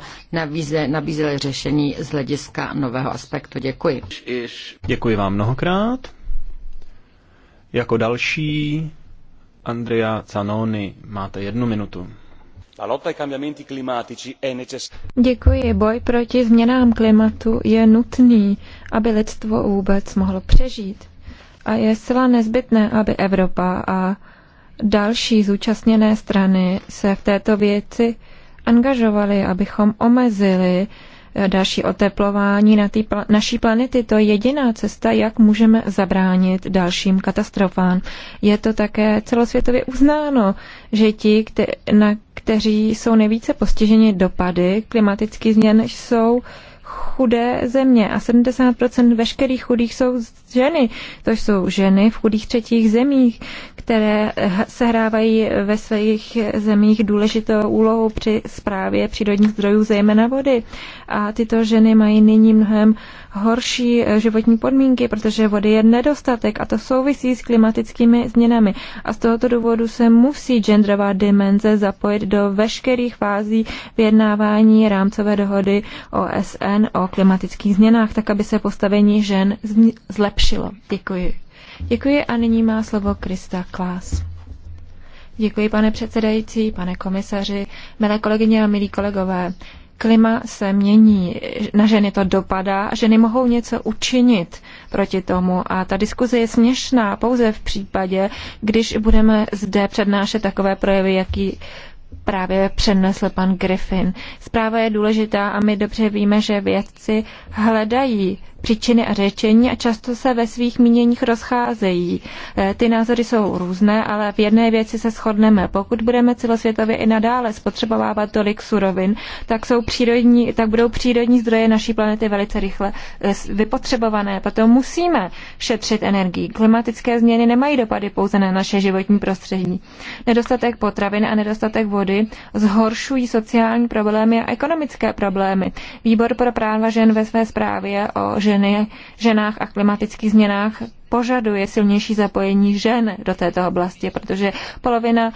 nabízela řešení z hlediska nového aspektu. Děkuji. Děkuji vám mnohokrát. Jako další Andrea Canoni máte jednu minutu. Děkuji. Boj proti změnám klimatu je nutný, aby lidstvo vůbec mohlo přežít. A je zcela nezbytné, aby Evropa a další zúčastněné strany se v této věci angažovaly, abychom omezili Eh, další oteplování na tý, naší planety. To je jediná cesta, jak můžeme zabránit dalším katastrofám. Je to také celosvětově uznáno, že ti, kte, na, kteří jsou nejvíce postiženi dopady klimatických změn, jsou uh, chudé země a 70% veškerých chudých jsou ženy. To jsou ženy v chudých třetích zemích, které sehrávají ve svých zemích důležitou úlohu při zprávě přírodních zdrojů, zejména vody. A tyto ženy mají nyní mnohem horší eh, životní podmínky, protože vody je nedostatek a to souvisí s klimatickými změnami. A z tohoto důvodu se musí genderová dimenze zapojit do veškerých fází vyjednávání rámcové dohody OSN o klimatických změnách, tak aby se postavení žen zlepšilo. Děkuji. Děkuji a nyní má slovo Krista Klás. Děkuji, pane předsedající, pane komisaři, milé kolegyně a milí kolegové. Klima se mění, na ženy to dopadá ženy mohou něco učinit proti tomu. A ta diskuze je směšná pouze v případě, když budeme zde přednášet takové projevy, jaký právě přednesl pan Griffin. Zpráva je důležitá a my dobře víme, že vědci hledají příčiny a řečení a často se ve svých míněních rozcházejí. Eh, ty názory jsou různé, ale v jedné věci se shodneme. Pokud budeme celosvětově i nadále spotřebovávat tolik surovin, tak, jsou přírodní, tak budou přírodní zdroje naší planety velice rychle eh, vypotřebované. Proto musíme šetřit energii. Klimatické změny nemají dopady pouze na naše životní prostředí. Nedostatek potravin a nedostatek vody zhoršují sociální problémy a ekonomické problémy. Výbor pro práva žen ve své zprávě o ženy, ženách a klimatických změnách požaduje silnější zapojení žen do této oblasti, protože polovina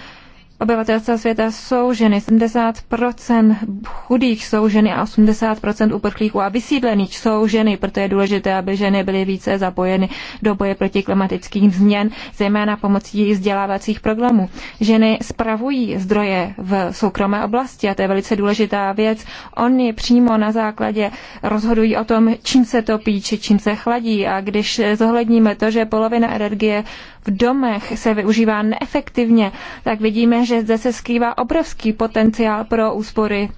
obyvatelstva světa jsou ženy. 70% chudých jsou ženy a 80% uprchlíků a vysídlených jsou ženy, proto je důležité, aby ženy byly více zapojeny do boje proti klimatickým změn, zejména pomocí vzdělávacích programů. Ženy spravují zdroje v soukromé oblasti a to je velice důležitá věc. Oni přímo na základě rozhodují o tom, čím se topí či čím se chladí a když zohledníme to, že polovina energie v domech se využívá neefektivně, tak vidíme, že zde se skrývá obrovský potenciál pro úspory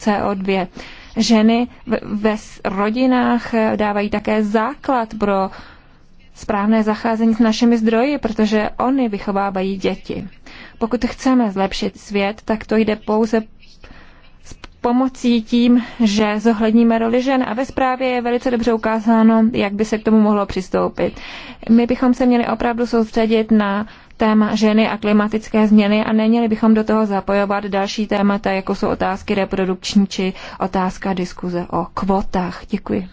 CO2. Ženy ve rodinách eh, dávají také základ pro správné zacházení s našimi zdroji, protože oni vychovávají děti. Pokud chceme zlepšit svět, tak to jde pouze pomocí tím, že zohledníme roli žen a ve zprávě je velice dobře ukázáno, jak by se k tomu mohlo přistoupit. My bychom se měli opravdu soustředit na téma ženy a klimatické změny a neměli bychom do toho zapojovat další témata, jako jsou otázky reprodukční či otázka diskuze o kvotách. Děkuji.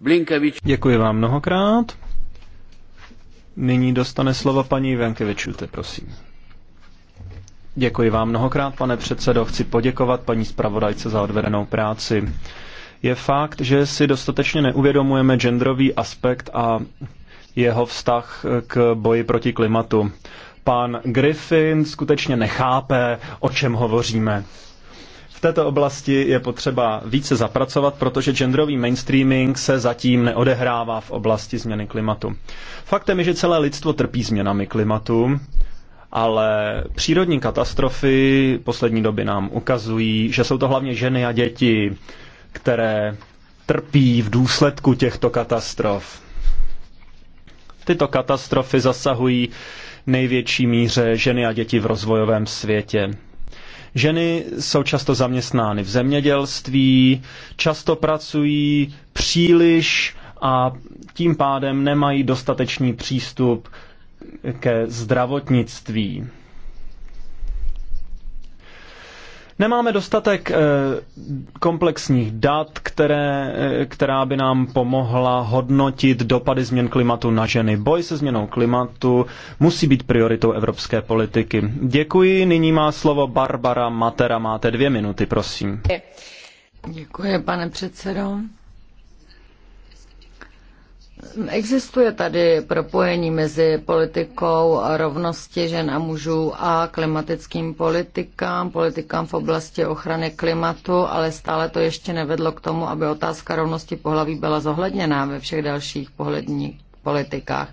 Blinkevič. Děkuji vám mnohokrát. Nyní dostane slova paní Venkevičute, prosím. Děkuji vám mnohokrát, pane předsedo. Chci poděkovat paní zpravodajce za odvedenou práci. Je fakt, že si dostatečně neuvědomujeme genderový aspekt a jeho vztah k boji proti klimatu. Pan Griffin skutečně nechápe, o čem hovoříme. V této oblasti je potřeba více zapracovat, protože genderový mainstreaming se zatím neodehrává v oblasti změny klimatu. Faktem je, že celé lidstvo trpí změnami klimatu ale přírodní katastrofy poslední doby nám ukazují, že jsou to hlavně ženy a děti, které trpí v důsledku těchto katastrof. Tyto katastrofy zasahují největší míře ženy a děti v rozvojovém světě. Ženy jsou často zaměstnány v zemědělství, často pracují příliš a tím pádem nemají dostatečný přístup ke zdravotnictví. Nemáme dostatek eh, komplexních dat, které, eh, která by nám pomohla hodnotit dopady změn klimatu na ženy. Boj se změnou klimatu musí být prioritou evropské politiky. Děkuji, nyní má slovo Barbara Matera. Máte dvě minuty, prosím. Děkuji, pane předsedo. Existuje tady propojení mezi politikou rovnosti žen a mužů a klimatickým politikám, politikám v oblasti ochrany klimatu, ale stále to ještě nevedlo k tomu, aby otázka rovnosti pohlaví byla zohledněná ve všech dalších pohledních politikách.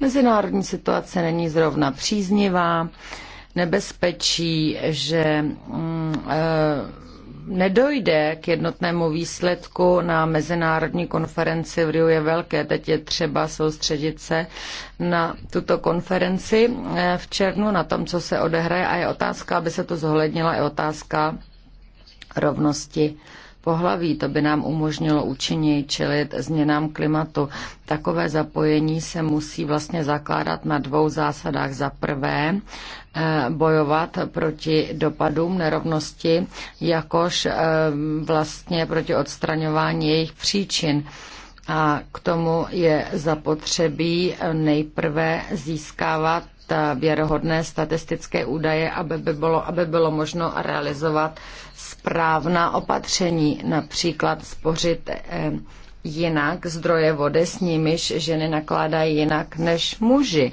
Mezinárodní situace není zrovna příznivá, nebezpečí, že mm, e, nedojde k jednotnému výsledku na mezinárodní konferenci v Riu je velké. Teď je třeba soustředit se na tuto konferenci eh, v červnu, na tom, co se odehraje a je otázka, aby se to zohlednila, je otázka rovnosti pohlaví. To by nám umožnilo účinněji čelit změnám klimatu. Takové zapojení se musí vlastně zakládat na dvou zásadách. Za prvé, eh, bojovat proti dopadům nerovnosti, jakož eh, vlastně proti odstraňování jejich příčin. A k tomu je zapotřebí eh, nejprve získávat věrohodné statistické údaje, aby, by bylo, aby bylo možno realizovat správná opatření, například spořit eh, jinak zdroje vody, s nimiž ženy nakládají jinak než muži.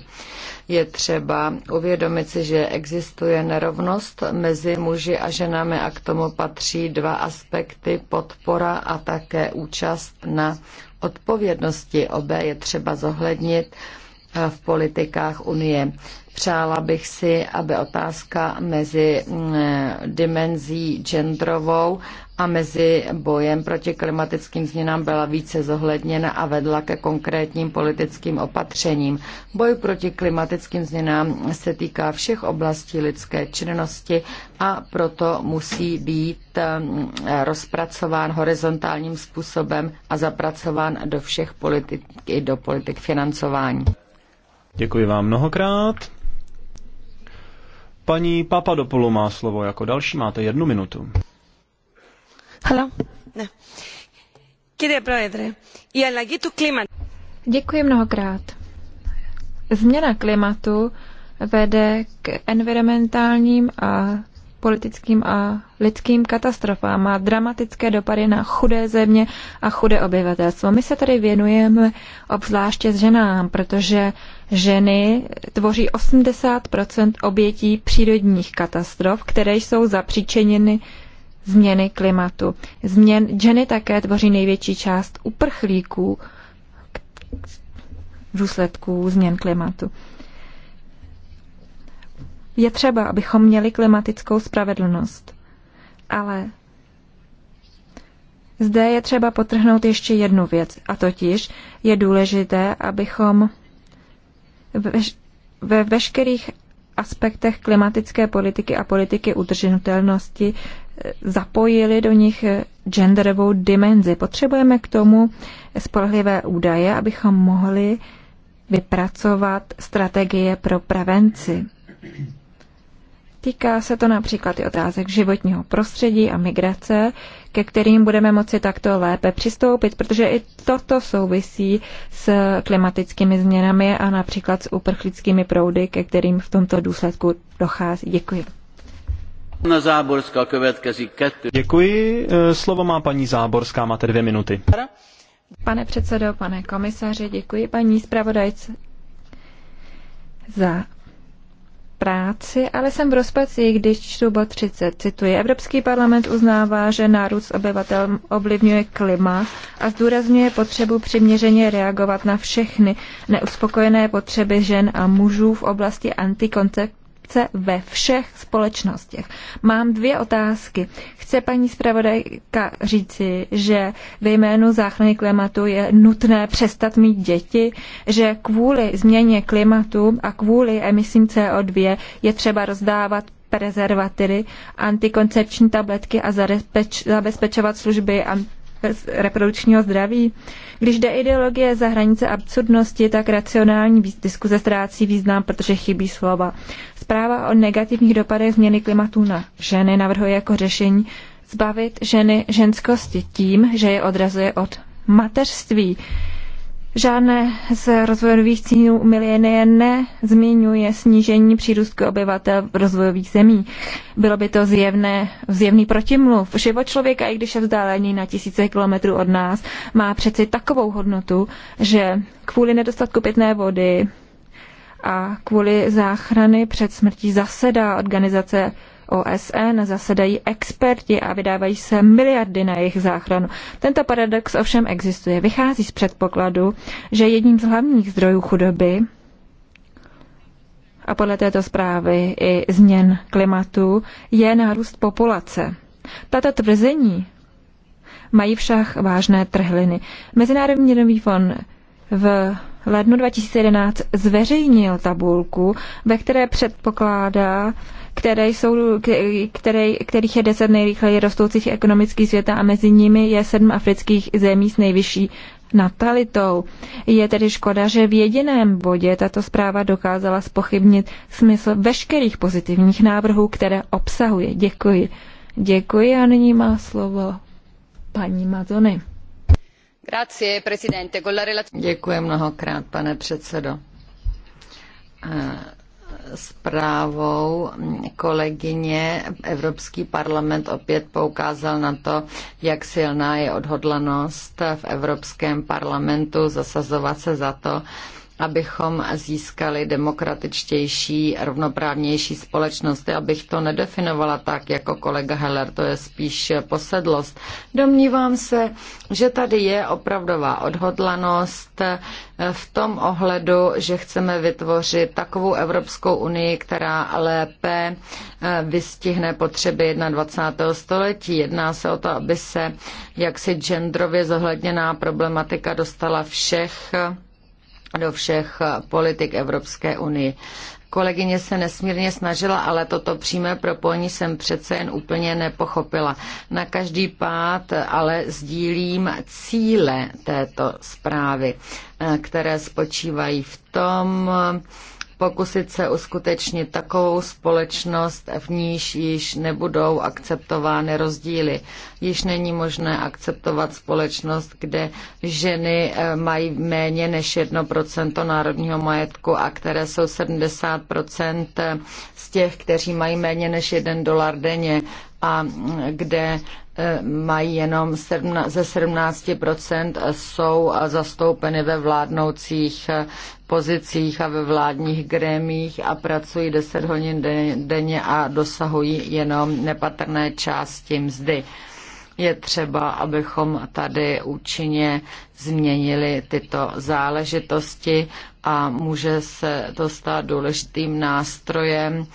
Je třeba uvědomit si, že existuje nerovnost mezi muži a ženami a k tomu patří dva aspekty, podpora a také účast na odpovědnosti. Obé je třeba zohlednit v politikách Unie. Přála bych si, aby otázka mezi mm, dimenzí genderovou a mezi bojem proti klimatickým změnám byla více zohledněna a vedla ke konkrétním politickým opatřením. Boj proti klimatickým změnám se týká všech oblastí lidské činnosti a proto musí být mm, rozpracován horizontálním způsobem a zapracován do všech politik i do politik financování. Děkuji vám mnohokrát. Paní Papadopoulou má slovo jako další, máte jednu minutu. Halo. Ne. Kyrie projedre, i tu klima. Děkuji mnohokrát. Změna klimatu vede k environmentálním a politickým a lidským katastrofám. Má dramatické dopady na chudé země a chudé obyvatelstvo. My se tady věnujeme obzvláště s ženám, protože Ženy tvoří 80 obětí přírodních katastrof, které jsou zapříčeněny změny klimatu. Změn, ženy také tvoří největší část uprchlíků v důsledku změn klimatu. Je třeba, abychom měli klimatickou spravedlnost. Ale zde je třeba potrhnout ještě jednu věc, a totiž je důležité, abychom ve veškerých aspektech klimatické politiky a politiky udržitelnosti eh, zapojili do nich eh, genderovou dimenzi. Potřebujeme k tomu spolehlivé údaje, abychom mohli vypracovat strategie pro prevenci. Týká se to například i otázek životního prostředí a migrace, ke kterým budeme moci takto lépe přistoupit, protože i toto souvisí s klimatickými změnami a například s uprchlickými proudy, ke kterým v tomto důsledku dochází. Děkuji. Na Záborská Děkuji. E, slovo má paní Záborská, máte dvě minuty. Pane předsedo, pane komisaři, děkuji paní zpravodajce za práci, ale jsem v rozpaci, když čtu bod 30. Cituji, Evropský parlament uznává, že nárůst obyvatel ovlivňuje klima a zdůrazňuje potřebu přiměřeně reagovat na všechny neuspokojené potřeby žen a mužů v oblasti antikoncepce korupce ve všech společnostech. Mám dvě otázky. Chce paní zpravodajka říci, že ve jménu záchrany klimatu je nutné přestat mít děti, že kvůli změně klimatu a kvůli emisím CO2 je třeba rozdávat prezervativy, antikoncepční tabletky a zabezpečovat služby reprodukčního zdraví. Když jde ideologie za hranice absurdnosti, tak racionální diskuze ztrácí význam, protože chybí slova. Zpráva o negativních dopadech změny klimatu na ženy navrhuje jako řešení zbavit ženy ženskosti tím, že je odrazuje od mateřství. Žádné z rozvojových cílů milénie nezmiňuje snížení přírůstku obyvatel v rozvojových zemí. Bylo by to zjevné, zjevný protimluv. Život člověka, i když je vzdálený na tisíce kilometrů od nás, má přeci takovou hodnotu, že kvůli nedostatku pitné vody a kvůli záchrany před smrtí zasedá organizace OSN zasedají experti a vydávají se miliardy na jejich záchranu. Tento paradox ovšem existuje. Vychází z předpokladu, že jedním z hlavních zdrojů chudoby a podle této zprávy i změn klimatu je nárůst populace. Tato tvrzení mají však vážné trhliny. Mezinárodní měnový fond v lednu 2011 zveřejnil tabulku, ve které předpokládá, které jsou, které, kterých je deset nejrychleji rostoucích ekonomických světa a mezi nimi je sedm afrických zemí s nejvyšší natalitou. Je tedy škoda, že v jediném bodě tato zpráva dokázala spochybnit smysl veškerých pozitivních návrhů, které obsahuje. Děkuji. Děkuji a nyní má slovo paní Mazony. Děkuji mnohokrát, pane předsedo. Eh, zprávou kolegyně Evropský parlament opět poukázal na to, jak silná je odhodlanost v Evropském parlamentu zasazovat se za to, abychom získali demokratičtější, rovnoprávnější společnosti, Abych to nedefinovala tak jako kolega Heller, to je spíš posedlost. Domnívám se, že tady je opravdová odhodlanost v tom ohledu, že chceme vytvořit takovou Evropskou unii, která lépe vystihne potřeby 21. století. Jedná se o to, aby se jaksi genderově zohledněná problematika dostala všech do všech politik Evropské unie. Kolegyně se nesmírně snažila, ale toto přímé propojení jsem přece jen úplně nepochopila. Na každý pád ale sdílím cíle této zprávy, eh, které spočívají v tom, pokusit se uskutečnit takovou společnost, v níž již nebudou akceptovány rozdíly. Již není možné akceptovat společnost, kde ženy eh, mají méně než 1% národního majetku a které jsou 70% eh, z těch, kteří mají méně než 1 dolar denně a kde mají jenom ze 17 jsou zastoupeny ve vládnoucích pozicích a ve vládních grémích a pracují 10 hodin denně a dosahují jenom nepatrné části mzdy. Je třeba, abychom tady účinně změnili tyto záležitosti a může se to stát důležitým nástrojem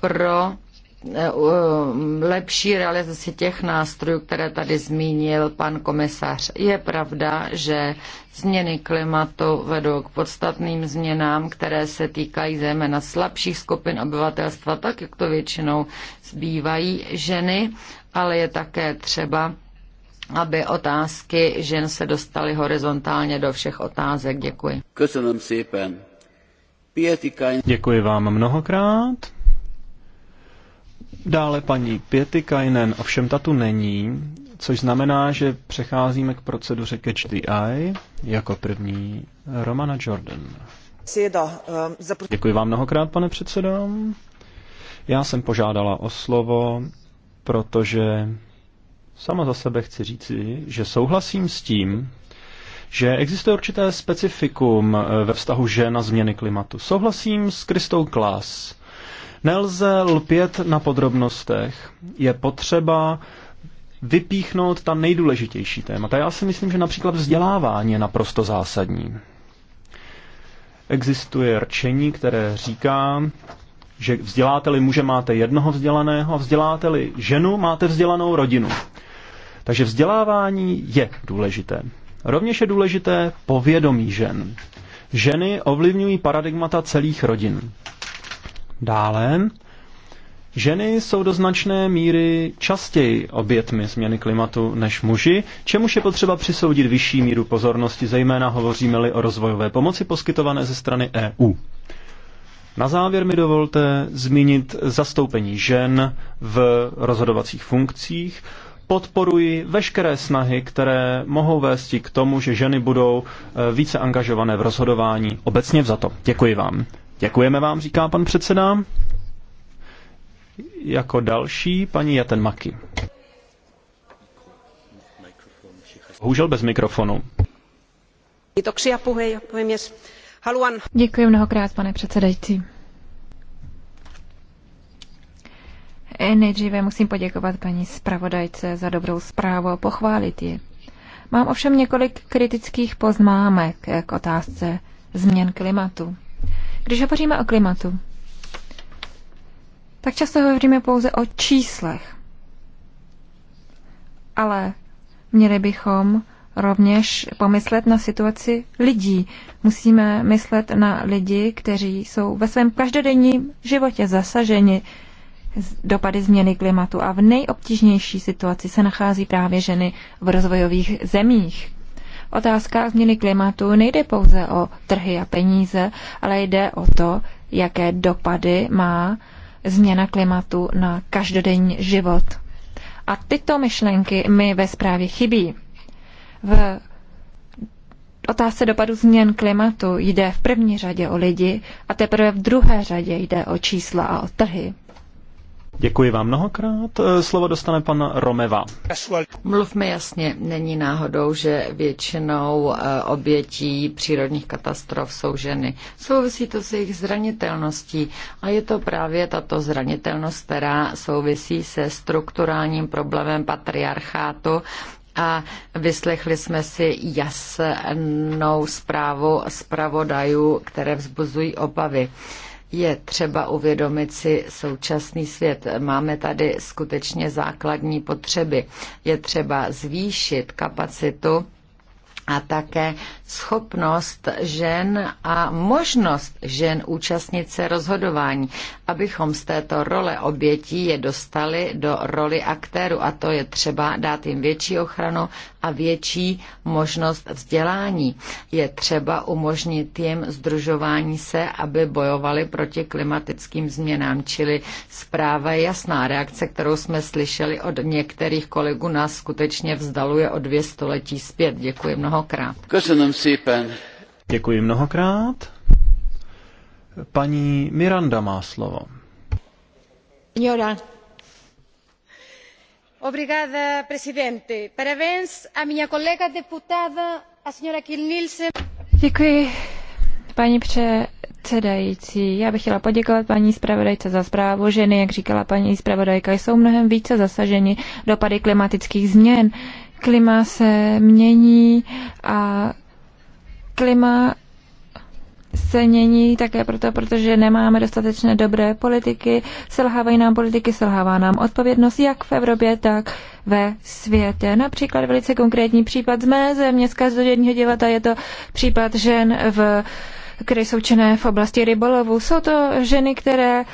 pro E, lepší realizaci těch nástrojů, které tady zmínil pan komisař. Je pravda, že změny klimatu vedou k podstatným změnám, které se týkají zejména slabších skupin obyvatelstva, tak jak to většinou zbývají ženy, ale je také třeba aby otázky žen se dostaly horizontálně do všech otázek. Děkuji. Děkuji vám mnohokrát. Dále paní Pěty ovšem ta tu není, což znamená, že přecházíme k proceduře Catch the Eye jako první Romana Jordan. Eh, Děkuji vám mnohokrát, pane předsedo. Já jsem požádala o slovo, protože sama za sebe chci říci, že souhlasím s tím, že existuje určité specifikum eh, ve vztahu žen na změny klimatu. Souhlasím s Kristou Klas, Nelze lpět na podrobnostech. Je potřeba vypíchnout ta nejdůležitější témata. Já si myslím, že například vzdělávání je naprosto zásadní. Existuje rčení, které říká, že vzděláteli muže máte jednoho vzdělaného a vzděláteli ženu máte vzdělanou rodinu. Takže vzdělávání je důležité. Rovněž je důležité povědomí žen. Ženy ovlivňují paradigmata celých rodin. Dále, ženy jsou do značné míry častěji obětmi změny klimatu než muži, čemuž je potřeba přisoudit vyšší míru pozornosti, zejména hovoříme-li o rozvojové pomoci poskytované ze strany EU. Na závěr mi dovolte zmínit zastoupení žen v rozhodovacích funkcích. Podporuji veškeré snahy, které mohou vést k tomu, že ženy budou eh, více angažované v rozhodování obecně to. Děkuji vám. Děkujeme vám, říká pan předseda. Jako další paní Jatén-Maki. Bohužel bez mikrofonu. Děkuji mnohokrát, pane předsedající. Nejdříve musím poděkovat paní zpravodajce za dobrou zprávu a pochválit ji. Mám ovšem několik kritických poznámek k otázce změn klimatu. Když hovoříme o klimatu, tak často hovoříme pouze o číslech. Ale měli bychom rovněž pomyslet na situaci lidí. Musíme myslet na lidi, kteří jsou ve svém každodenním životě zasaženi dopady změny klimatu a v nejobtížnější situaci se nachází právě ženy v rozvojových zemích. Otázka změny klimatu nejde pouze o trhy a peníze, ale jde o to, jaké dopady má změna klimatu na každodenní život. A tyto myšlenky mi ve zprávě chybí. V otázce dopadu změn klimatu jde v první řadě o lidi a teprve v druhé řadě jde o čísla a o trhy. Děkuji vám mnohokrát. Eh, slovo dostane pan Romeva. Mluvme jasně, není náhodou, že většinou eh, obětí přírodních katastrof jsou ženy. Souvisí to s jejich zranitelností a je to právě tato zranitelnost, která souvisí se strukturálním problémem patriarchátu, a vyslechli jsme si jasnou zprávu zpravodajů, které vzbuzují obavy je třeba uvědomit si současný svět. Máme tady skutečně základní potřeby. Je třeba zvýšit kapacitu a také schopnost žen a možnost žen účastnit se rozhodování, abychom z této role obětí je dostali do roli aktéru a to je třeba dát jim větší ochranu a větší možnost vzdělání. Je třeba umožnit jim združování se, aby bojovali proti klimatickým změnám, čili zpráva je jasná. Reakce, kterou jsme slyšeli od některých kolegů, nás skutečně vzdaluje o dvě století zpět. Děkuji mnohokrát. Děkuji mnohokrát. Paní Miranda má slovo. Obrigada, presidente. Parabéns a minha colega deputada, a senhora Kiel Nielsen. Děkuji, paní předsedající. Já bych chtěla poděkovat paní zpravodajce za zprávu. Ženy, jak říkala paní zpravodajka, jsou mnohem více zasaženy dopady klimatických změn. Klima se mění a klima se mění také proto, protože nemáme dostatečně dobré politiky, selhávají nám politiky, selhává nám odpovědnost jak v Evropě, tak ve světě. Například velice konkrétní případ z mé země, z každodenního divata je to případ žen v které jsou činné v oblasti rybolovu. Jsou to ženy, které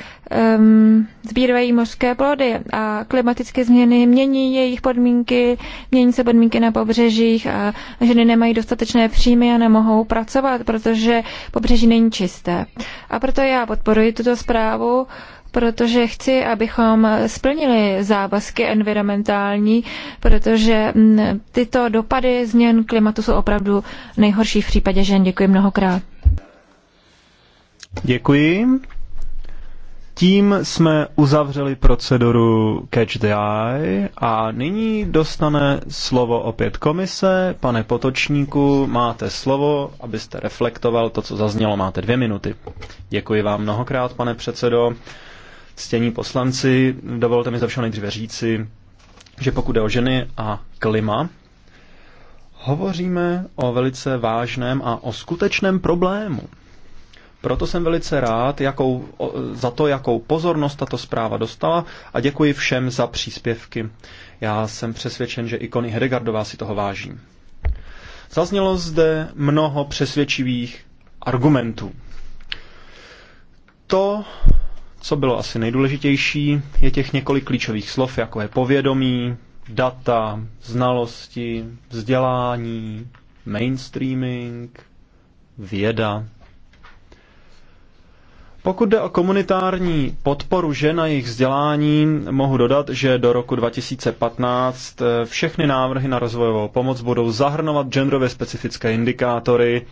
um, sbírají mořské plody a klimatické změny mění jejich podmínky, mění se podmínky na pobřežích a ženy nemají dostatečné příjmy a nemohou pracovat, protože pobřeží není čisté. A proto já podporuji tuto zprávu, protože chci, abychom splnili závazky environmentální, protože mm, tyto dopady změn klimatu jsou opravdu nejhorší v případě žen. Děkuji mnohokrát. Děkuji. Tím jsme uzavřeli proceduru Catch the Eye a nyní dostane slovo opět komise. Pane Potočníku, máte slovo, abyste reflektoval to, co zaznělo. Máte dvě minuty. Děkuji vám mnohokrát, pane předsedo. Ctění poslanci, dovolte mi za všechno nejdříve říci, že pokud jde o ženy a klima, hovoříme o velice vážném a o skutečném problému proto jsem velice rád jakou, za to, jakou pozornost tato zpráva dostala a děkuji všem za příspěvky. Já jsem přesvědčen, že i Hedegardová si toho váží. Zaznělo zde mnoho přesvědčivých argumentů. To, co bylo asi nejdůležitější, je těch několik klíčových slov, jako je povědomí, data, znalosti, vzdělání, mainstreaming, věda. Pokud jde o komunitární podporu žen a jejich vzdělání, mohu dodat, že do roku 2015 eh, všechny návrhy na rozvojovou pomoc budou zahrnovat genderově specifické indikátory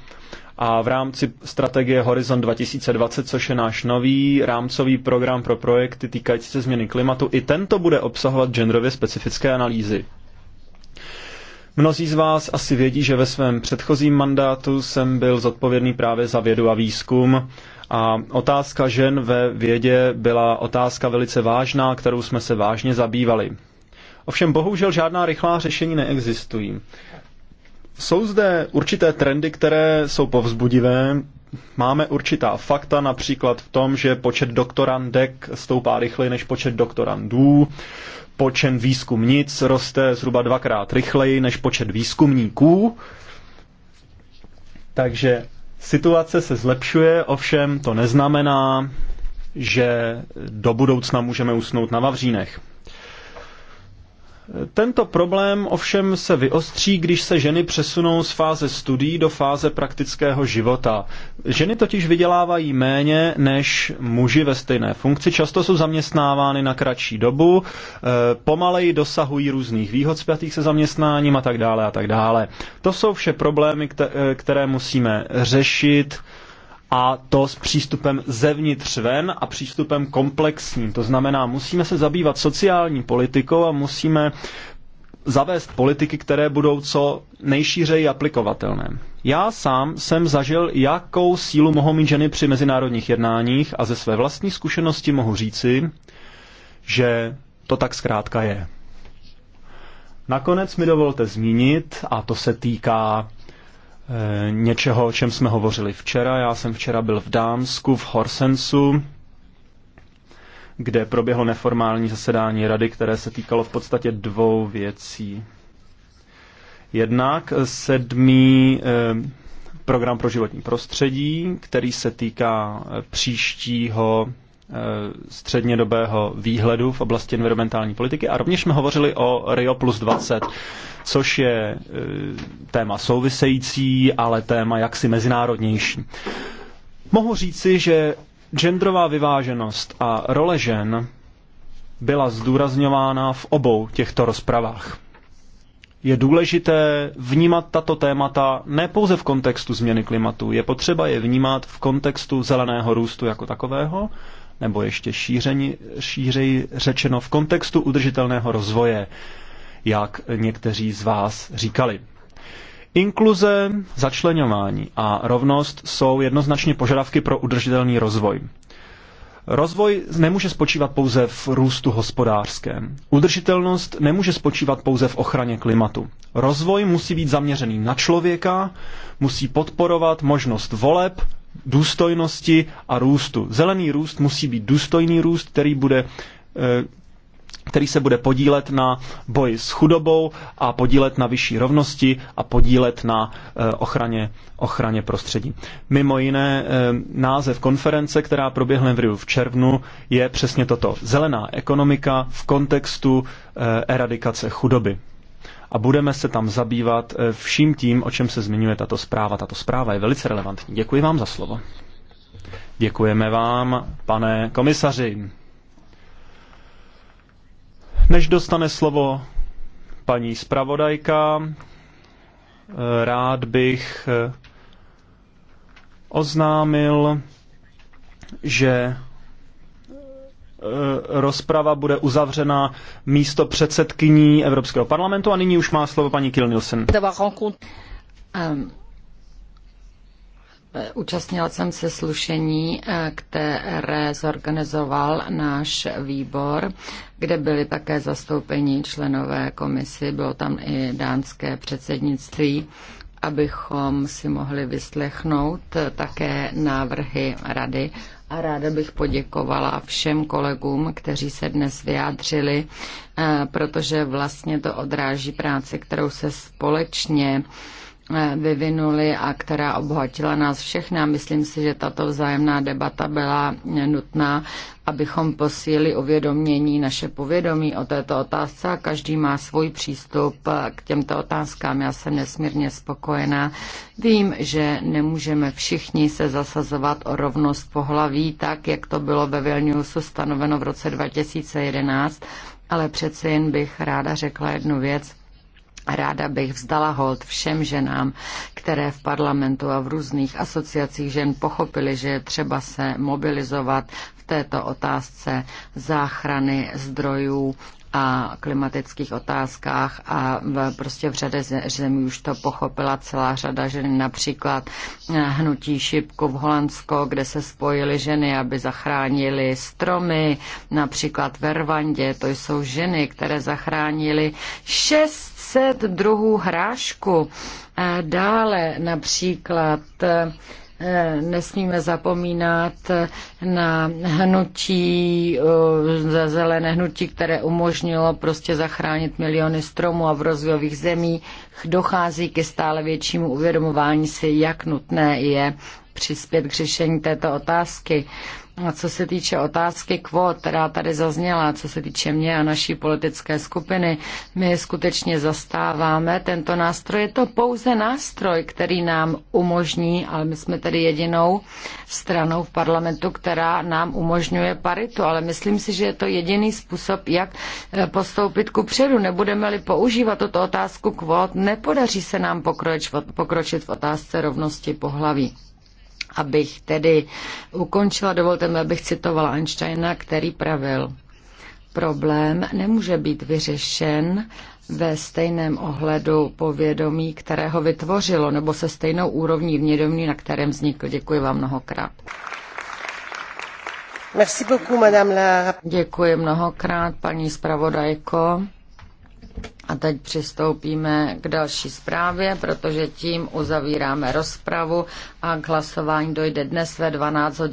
a v rámci strategie Horizon 2020, což je náš nový rámcový program pro projekty týkající se změny klimatu, i tento bude obsahovat genderově specifické analýzy. Mnozí z vás asi vědí, že ve svém předchozím mandátu jsem byl zodpovědný právě za vědu a výzkum a otázka žen ve vědě byla otázka velice vážná, kterou jsme se vážně zabývali. Ovšem bohužel žádná rychlá řešení neexistují. Jsou zde určité trendy, které jsou povzbudivé. Máme určitá fakta, například v tom, že počet doktorandek stoupá rychleji než počet doktorandů, počet výzkumnic roste zhruba dvakrát rychleji než počet výzkumníků. Takže Situace se zlepšuje, ovšem to neznamená, že do budoucna můžeme usnout na Vavřínech. Tento problém ovšem se vyostří, když se ženy přesunou z fáze studií do fáze praktického života. Ženy totiž vydělávají méně než muži ve stejné funkci, často jsou zaměstnávány na kratší dobu, eh, pomaleji dosahují různých výhod spjatých se zaměstnáním a tak dále a tak dále. To jsou vše problémy, eh, které musíme řešit a to s přístupem zevnitř ven a přístupem komplexním. To znamená, musíme se zabývat sociální politikou a musíme zavést politiky, které budou co nejšířeji aplikovatelné. Já sám jsem zažil, jakou sílu mohou mít ženy při mezinárodních jednáních a ze své vlastní zkušenosti mohu říci, že to tak zkrátka je. Nakonec mi dovolte zmínit, a to se týká Eh, něčeho, o čem jsme hovořili včera. Já jsem včera byl v Dánsku, v Horsensu, kde proběhlo neformální zasedání rady, které se týkalo v podstatě dvou věcí. Jednak sedmý eh, program pro životní prostředí, který se týká eh, příštího Eh, střednědobého výhledu v oblasti environmentální politiky a rovněž jsme hovořili o Rio plus 20, což je eh, téma související, ale téma jaksi mezinárodnější. Mohu říci, že genderová vyváženost a role žen byla zdůrazňována v obou těchto rozpravách. Je důležité vnímat tato témata ne pouze v kontextu změny klimatu, je potřeba je vnímat v kontextu zeleného růstu jako takového nebo ještě šíření, šířej řečeno v kontextu udržitelného rozvoje, jak někteří z vás říkali. Inkluze, začlenování a rovnost jsou jednoznačně požadavky pro udržitelný rozvoj. Rozvoj nemůže spočívat pouze v růstu hospodářském. Udržitelnost nemůže spočívat pouze v ochraně klimatu. Rozvoj musí být zaměřený na člověka, musí podporovat možnost voleb, důstojnosti a růstu. Zelený růst musí být důstojný růst, který bude eh, který se bude podílet na boji s chudobou a podílet na vyšší rovnosti a podílet na eh, ochraně, ochraně prostředí. Mimo jiné eh, název konference, která proběhla v Riu v červnu, je přesně toto. Zelená ekonomika v kontextu eradikace chudoby a budeme se tam zabývat eh, vším tím, o čem se zmiňuje tato zpráva. Tato zpráva je velice relevantní. Děkuji vám za slovo. Děkujeme vám, pane komisaři. Než dostane slovo paní zpravodajka, eh, rád bych eh, oznámil, že Eh, rozprava bude uzavřena místo předsedkyní Evropského parlamentu a nyní už má slovo paní Kill Nielsen. Ehm, účastnila jsem se slušení, eh, které zorganizoval náš výbor, kde byly také zastoupeni členové komisy, bylo tam i dánské předsednictví, abychom si mohli vyslechnout také návrhy rady a ráda bych poděkovala všem kolegům, kteří se dnes vyjádřili, eh, protože vlastně to odráží práci, kterou se společně Eh, vyvinuli a která obohatila nás všechny. A myslím si, že tato vzájemná debata byla nutná, abychom posílili uvědomění, naše povědomí o této otázce a každý má svůj přístup eh, k těmto otázkám. Já jsem nesmírně spokojená. Vím, že nemůžeme všichni se zasazovat o rovnost pohlaví, tak jak to bylo ve Vilniusu stanoveno v roce 2011, ale přece jen bych ráda řekla jednu věc Ráda bych vzdala hold všem ženám, které v parlamentu a v různých asociacích žen pochopili, že je třeba se mobilizovat v této otázce záchrany zdrojů a klimatických otázkách a v, prostě v řadě zemí už to pochopila celá řada žen, například hnutí šipku v Holandsko, kde se spojily ženy, aby zachránili stromy, například ve Rwandě, to jsou ženy, které zachránili šest 10 druhů hrášku. A dále například e, nesmíme zapomínat na hnutí, e, za zelené hnutí, které umožnilo prostě zachránit miliony stromů a v rozvojových zemích dochází ke stále většímu uvědomování si, jak nutné je přispět k řešení této otázky. A co se týče otázky kvót, která tady zazněla, co se týče mě a naší politické skupiny, my skutečně zastáváme tento nástroj. Je to pouze nástroj, který nám umožní, ale my jsme tedy jedinou stranou v parlamentu, která nám umožňuje paritu, ale myslím si, že je to jediný způsob, jak eh, postoupit ku předu. Nebudeme-li používat tuto otázku kvót, nepodaří se nám pokročit v otázce rovnosti pohlaví. Abych tedy ukončila, dovolte mi, abych citovala Einsteina, který pravil. Problém nemůže být vyřešen ve stejném ohledu povědomí, které ho vytvořilo, nebo se stejnou úrovní vědomí, na kterém vznikl. Děkuji vám mnohokrát. Merci beaucoup, madame la... Děkuji mnohokrát, paní zpravodajko. A teď přistoupíme k další zprávě, protože tím uzavíráme rozpravu a k hlasování dojde dnes ve 12 hodin.